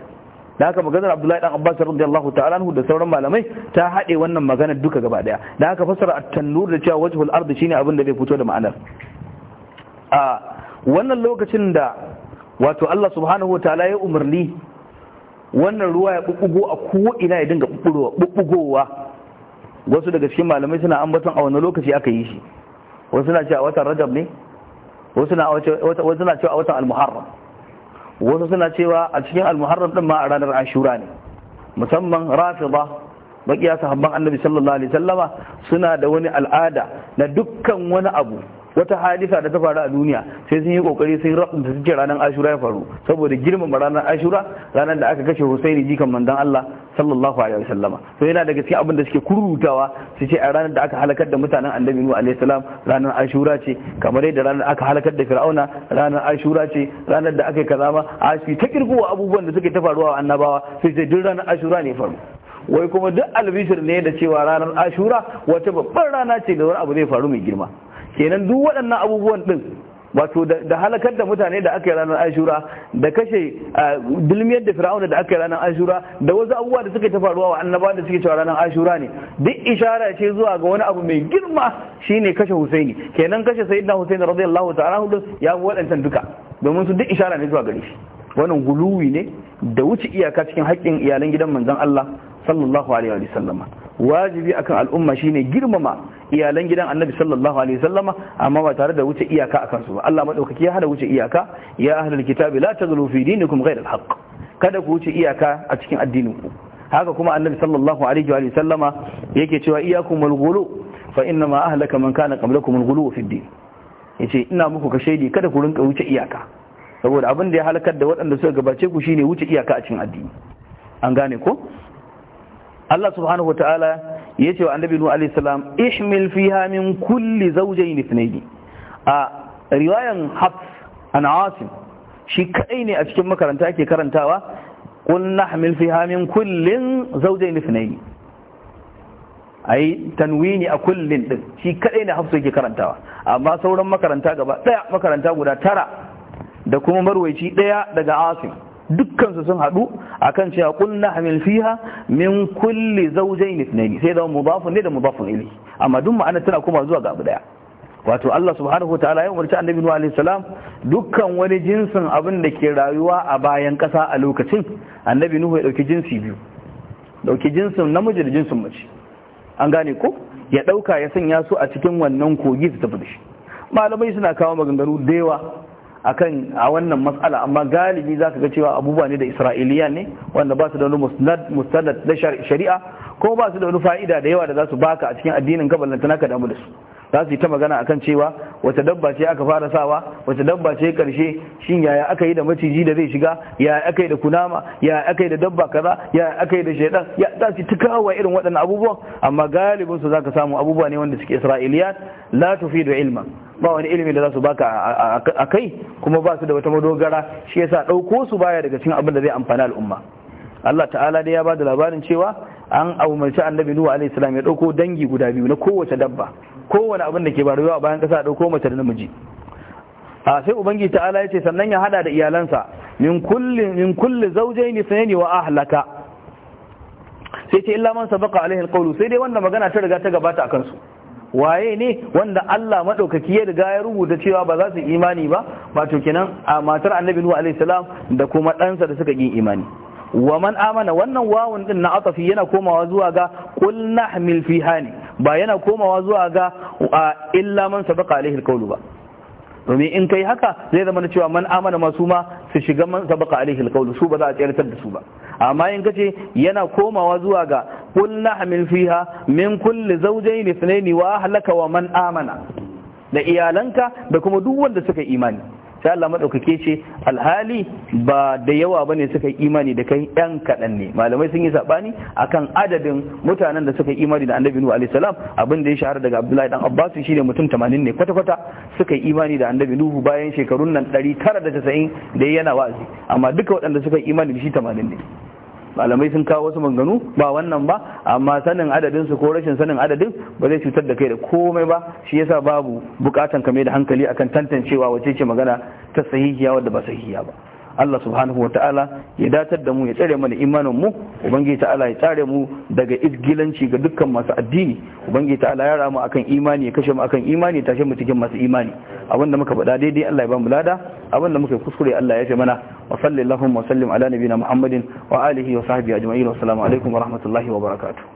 da haka maganar Abdullahi dan Abbas radiyallahu ta'ala anhu da sauran malamai ta haɗe wannan maganar duka gaba daya da haka fassara at tanur da cewa wajhul ardi shine abin da zai fito da ma'anar a wannan lokacin da wato Allah subhanahu ta'ala ya umarni wannan ruwa ya bubbugo a ko'ina ya dinga bubbugowa wasu daga cikin malamai suna ambaton a wannan lokaci aka yi shi wasu na cewa watan rajab ne wasu na cewa a watan almuharram wasu suna cewa a cikin almuharram din ma a ranar ashura ne musamman rafida bakiya sahabban annabi sallallahu alaihi sallama suna da wani al'ada na dukkan wani abu wata hadisa da ta faru a duniya sai sun yi kokari sun rabin da suke ranar ashura ya faru saboda girmama ranar ashura ranar da aka kashe husaini jikan mandan Allah sallallahu alaihi wasallama to yana daga cikin abin da suke kurutawa su ce a ranar da aka halakar da mutanen annabi nuhu alaihi salam ranar ashura ce kamar yadda ranar aka halakar da fir'auna ranar ashura ce ranar da aka yi kaza ma a ta kirkuwa abubuwan da suke ta faruwa a annabawa sai sai duk ranar ashura ne faru wai kuma duk albishir ne da cewa ranar ashura wata babbar rana ce da wani abu zai faru mai girma kenan duk waɗannan abubuwan ɗin wato da halakar da mutane da aka yi ranar ashura da kashe bilmiyar da fir'auna da aka yi ranar ashura da wasu abubuwa da suka ta faruwa wa annaba da suke cewa ranar ashura ne duk ishara ce zuwa ga wani abu mai girma shine kashe husaini kenan kashe sayyidina husaini radiyallahu ta'ala hudu ya fi waɗancan duka domin su duk ishara ne zuwa gare shi wannan guluwi ne da wuce iyaka cikin haƙƙin iyalan gidan manzon Allah sallallahu alaihi wa sallama wajibi akan al'umma shine girmama iyalan gidan annabi sallallahu alaihi wasallama amma ba tare da wuce iyaka akan su ba Allah madaukaki ya hana wuce iyaka ya ahlul kitabi la taghlu fi dinikum ghayra al-haqq kada ku wuce iyaka a cikin addinin ku haka kuma annabi sallallahu alaihi wa sallama yake cewa iyakum wal ghulu fa inna ma ahlaka man kana qablakum al ghulu fi din yace ina muku ka shaidi kada ku rinka wuce iyaka saboda abin da ya halakar da waɗanda suka gabace ku shine wuce iyaka a cikin addini an gane ko Allah subhanahu wata'ala ta'ala ya ce wa annabi nuhu alaihi salam ihmil fiha min kulli zawjayn ithnayn a riwayan hafs an asim shi kadai ne a cikin makaranta ke karantawa qul nahmil fiha min kullin zawjayn ithnayn ai tanwini a kullin din shi kadai ne hafsu yake karantawa amma sauran makaranta gaba daya makaranta guda tara da kuma marwaici daya daga asim dukkansu sun haɗu akan cewa kunna hamil fiha min kulli zawjayn ithnayn sai da mudafun ne da mudafun ilayhi amma duk ma'ana tana kuma zuwa ga abu daya wato Allah subhanahu ta'ala ya umarci annabi Nuhu alaihi salam dukkan wani jinsin abin da ke rayuwa a bayan ƙasa a lokacin annabi Nuhu ya dauki jinsi biyu dauki jinsin namiji da jinsin mace an gane ko ya dauka ya sanya su a cikin wannan kogi su tafi da shi malamai suna kawo maganganu da yawa akan a wannan matsala amma galibi zaka ga cewa abubuwa ne da isra'iliya ne wanda ba su da wani mustadad da shari'a ko ba su da wani fa'ida da yawa da za su baka a cikin addinin ka ballanta naka damu da su za su yi ta magana akan cewa wata dabba ce aka fara sawa wata dabba ce karshe shin yaya aka yi da maciji da zai shiga ya aka yi da kunama ya aka yi da dabba kaza ya aka yi da shaidan ya za su tukawa irin waɗannan abubuwan amma galibinsu su zaka samu abubuwa ne wanda suke isra'iliya la da ilma ba wani ilimi da za su baka a kai kuma ba su da wata madogara shi sa ɗauko su baya daga cikin abin da zai amfani al'umma Allah ta'ala dai ya ba da labarin cewa an umarci annabi nuhu alaihi salam ya ɗauko dangi guda biyu na kowace dabba kowane abin da ke ba rayuwa bayan ƙasa ɗauko mace da namiji a sai ubangiji ta'ala ya ce sannan ya hada da iyalansa min kulli min kulli zawjayn thani wa ahlaka sai ce illa man sabaqa alaihi alqawlu sai dai wanda magana ta riga ta gabata akan su waye ne wanda Allah madaukaki ya riga ya rubuta cewa ba za su imani ba wato kenan a matar annabi nuhu alaihi salam da kuma ɗansa da suka yi imani wa man amana wannan wawun din na atafi yana komawa zuwa ga qul nahmil fiha ne ba yana komawa zuwa ga illa man sabaqa alaihi alqawlu ba domin in kai haka zai zama na cewa man amana masu ma su shiga man sabaka alaihi su ba za a tsayar da su ba amma in kace yana komawa zuwa ga qul nahmil fiha min kulle zawjayn ithnayn wa wa man amana da iyalanka da kuma duk wanda suka imani sai Allah madaukake ce alhali ba da yawa bane suka yi imani da kai yan kaɗan ne malamai sun yi sabani akan adadin mutanen da suka yi imani da annabi nuhu alayhi salam abin da ya shahara daga abdullahi dan abbas shine mutum 80 ne kwata kwata suka yi imani da annabi nuhu bayan shekarun nan 990 da yana wa'azi amma duka waɗanda suka yi imani da shi 80 ne malamai sun kawo wasu manganu ba wannan ba amma sanin adadin su ko rashin sanin adadin ba zai cutar da kai da komai ba shi yasa babu bukatan mai da hankali akan tantancewa wace ce magana ta sahihiya wadda ba sahihiya ba Allah subhanahu wata'ala ya datar da mu ya tsare mana imanin mu ubangiji ta'ala ya tsare mu daga izgilanci ga dukkan masu addini ubangiji ta'ala ya ramu akan imani ya kashe mu akan imani ya tashe mu cikin masu imani abinda muka faɗa daidai Allah ya ba mu lada abinda muka kuskure Allah ya ce mana wa sallallahu wa sallim ala nabiyina muhammadin wa alihi wa sahbihi ajma'in wa assalamu alaikum wa rahmatullahi wa barakatuh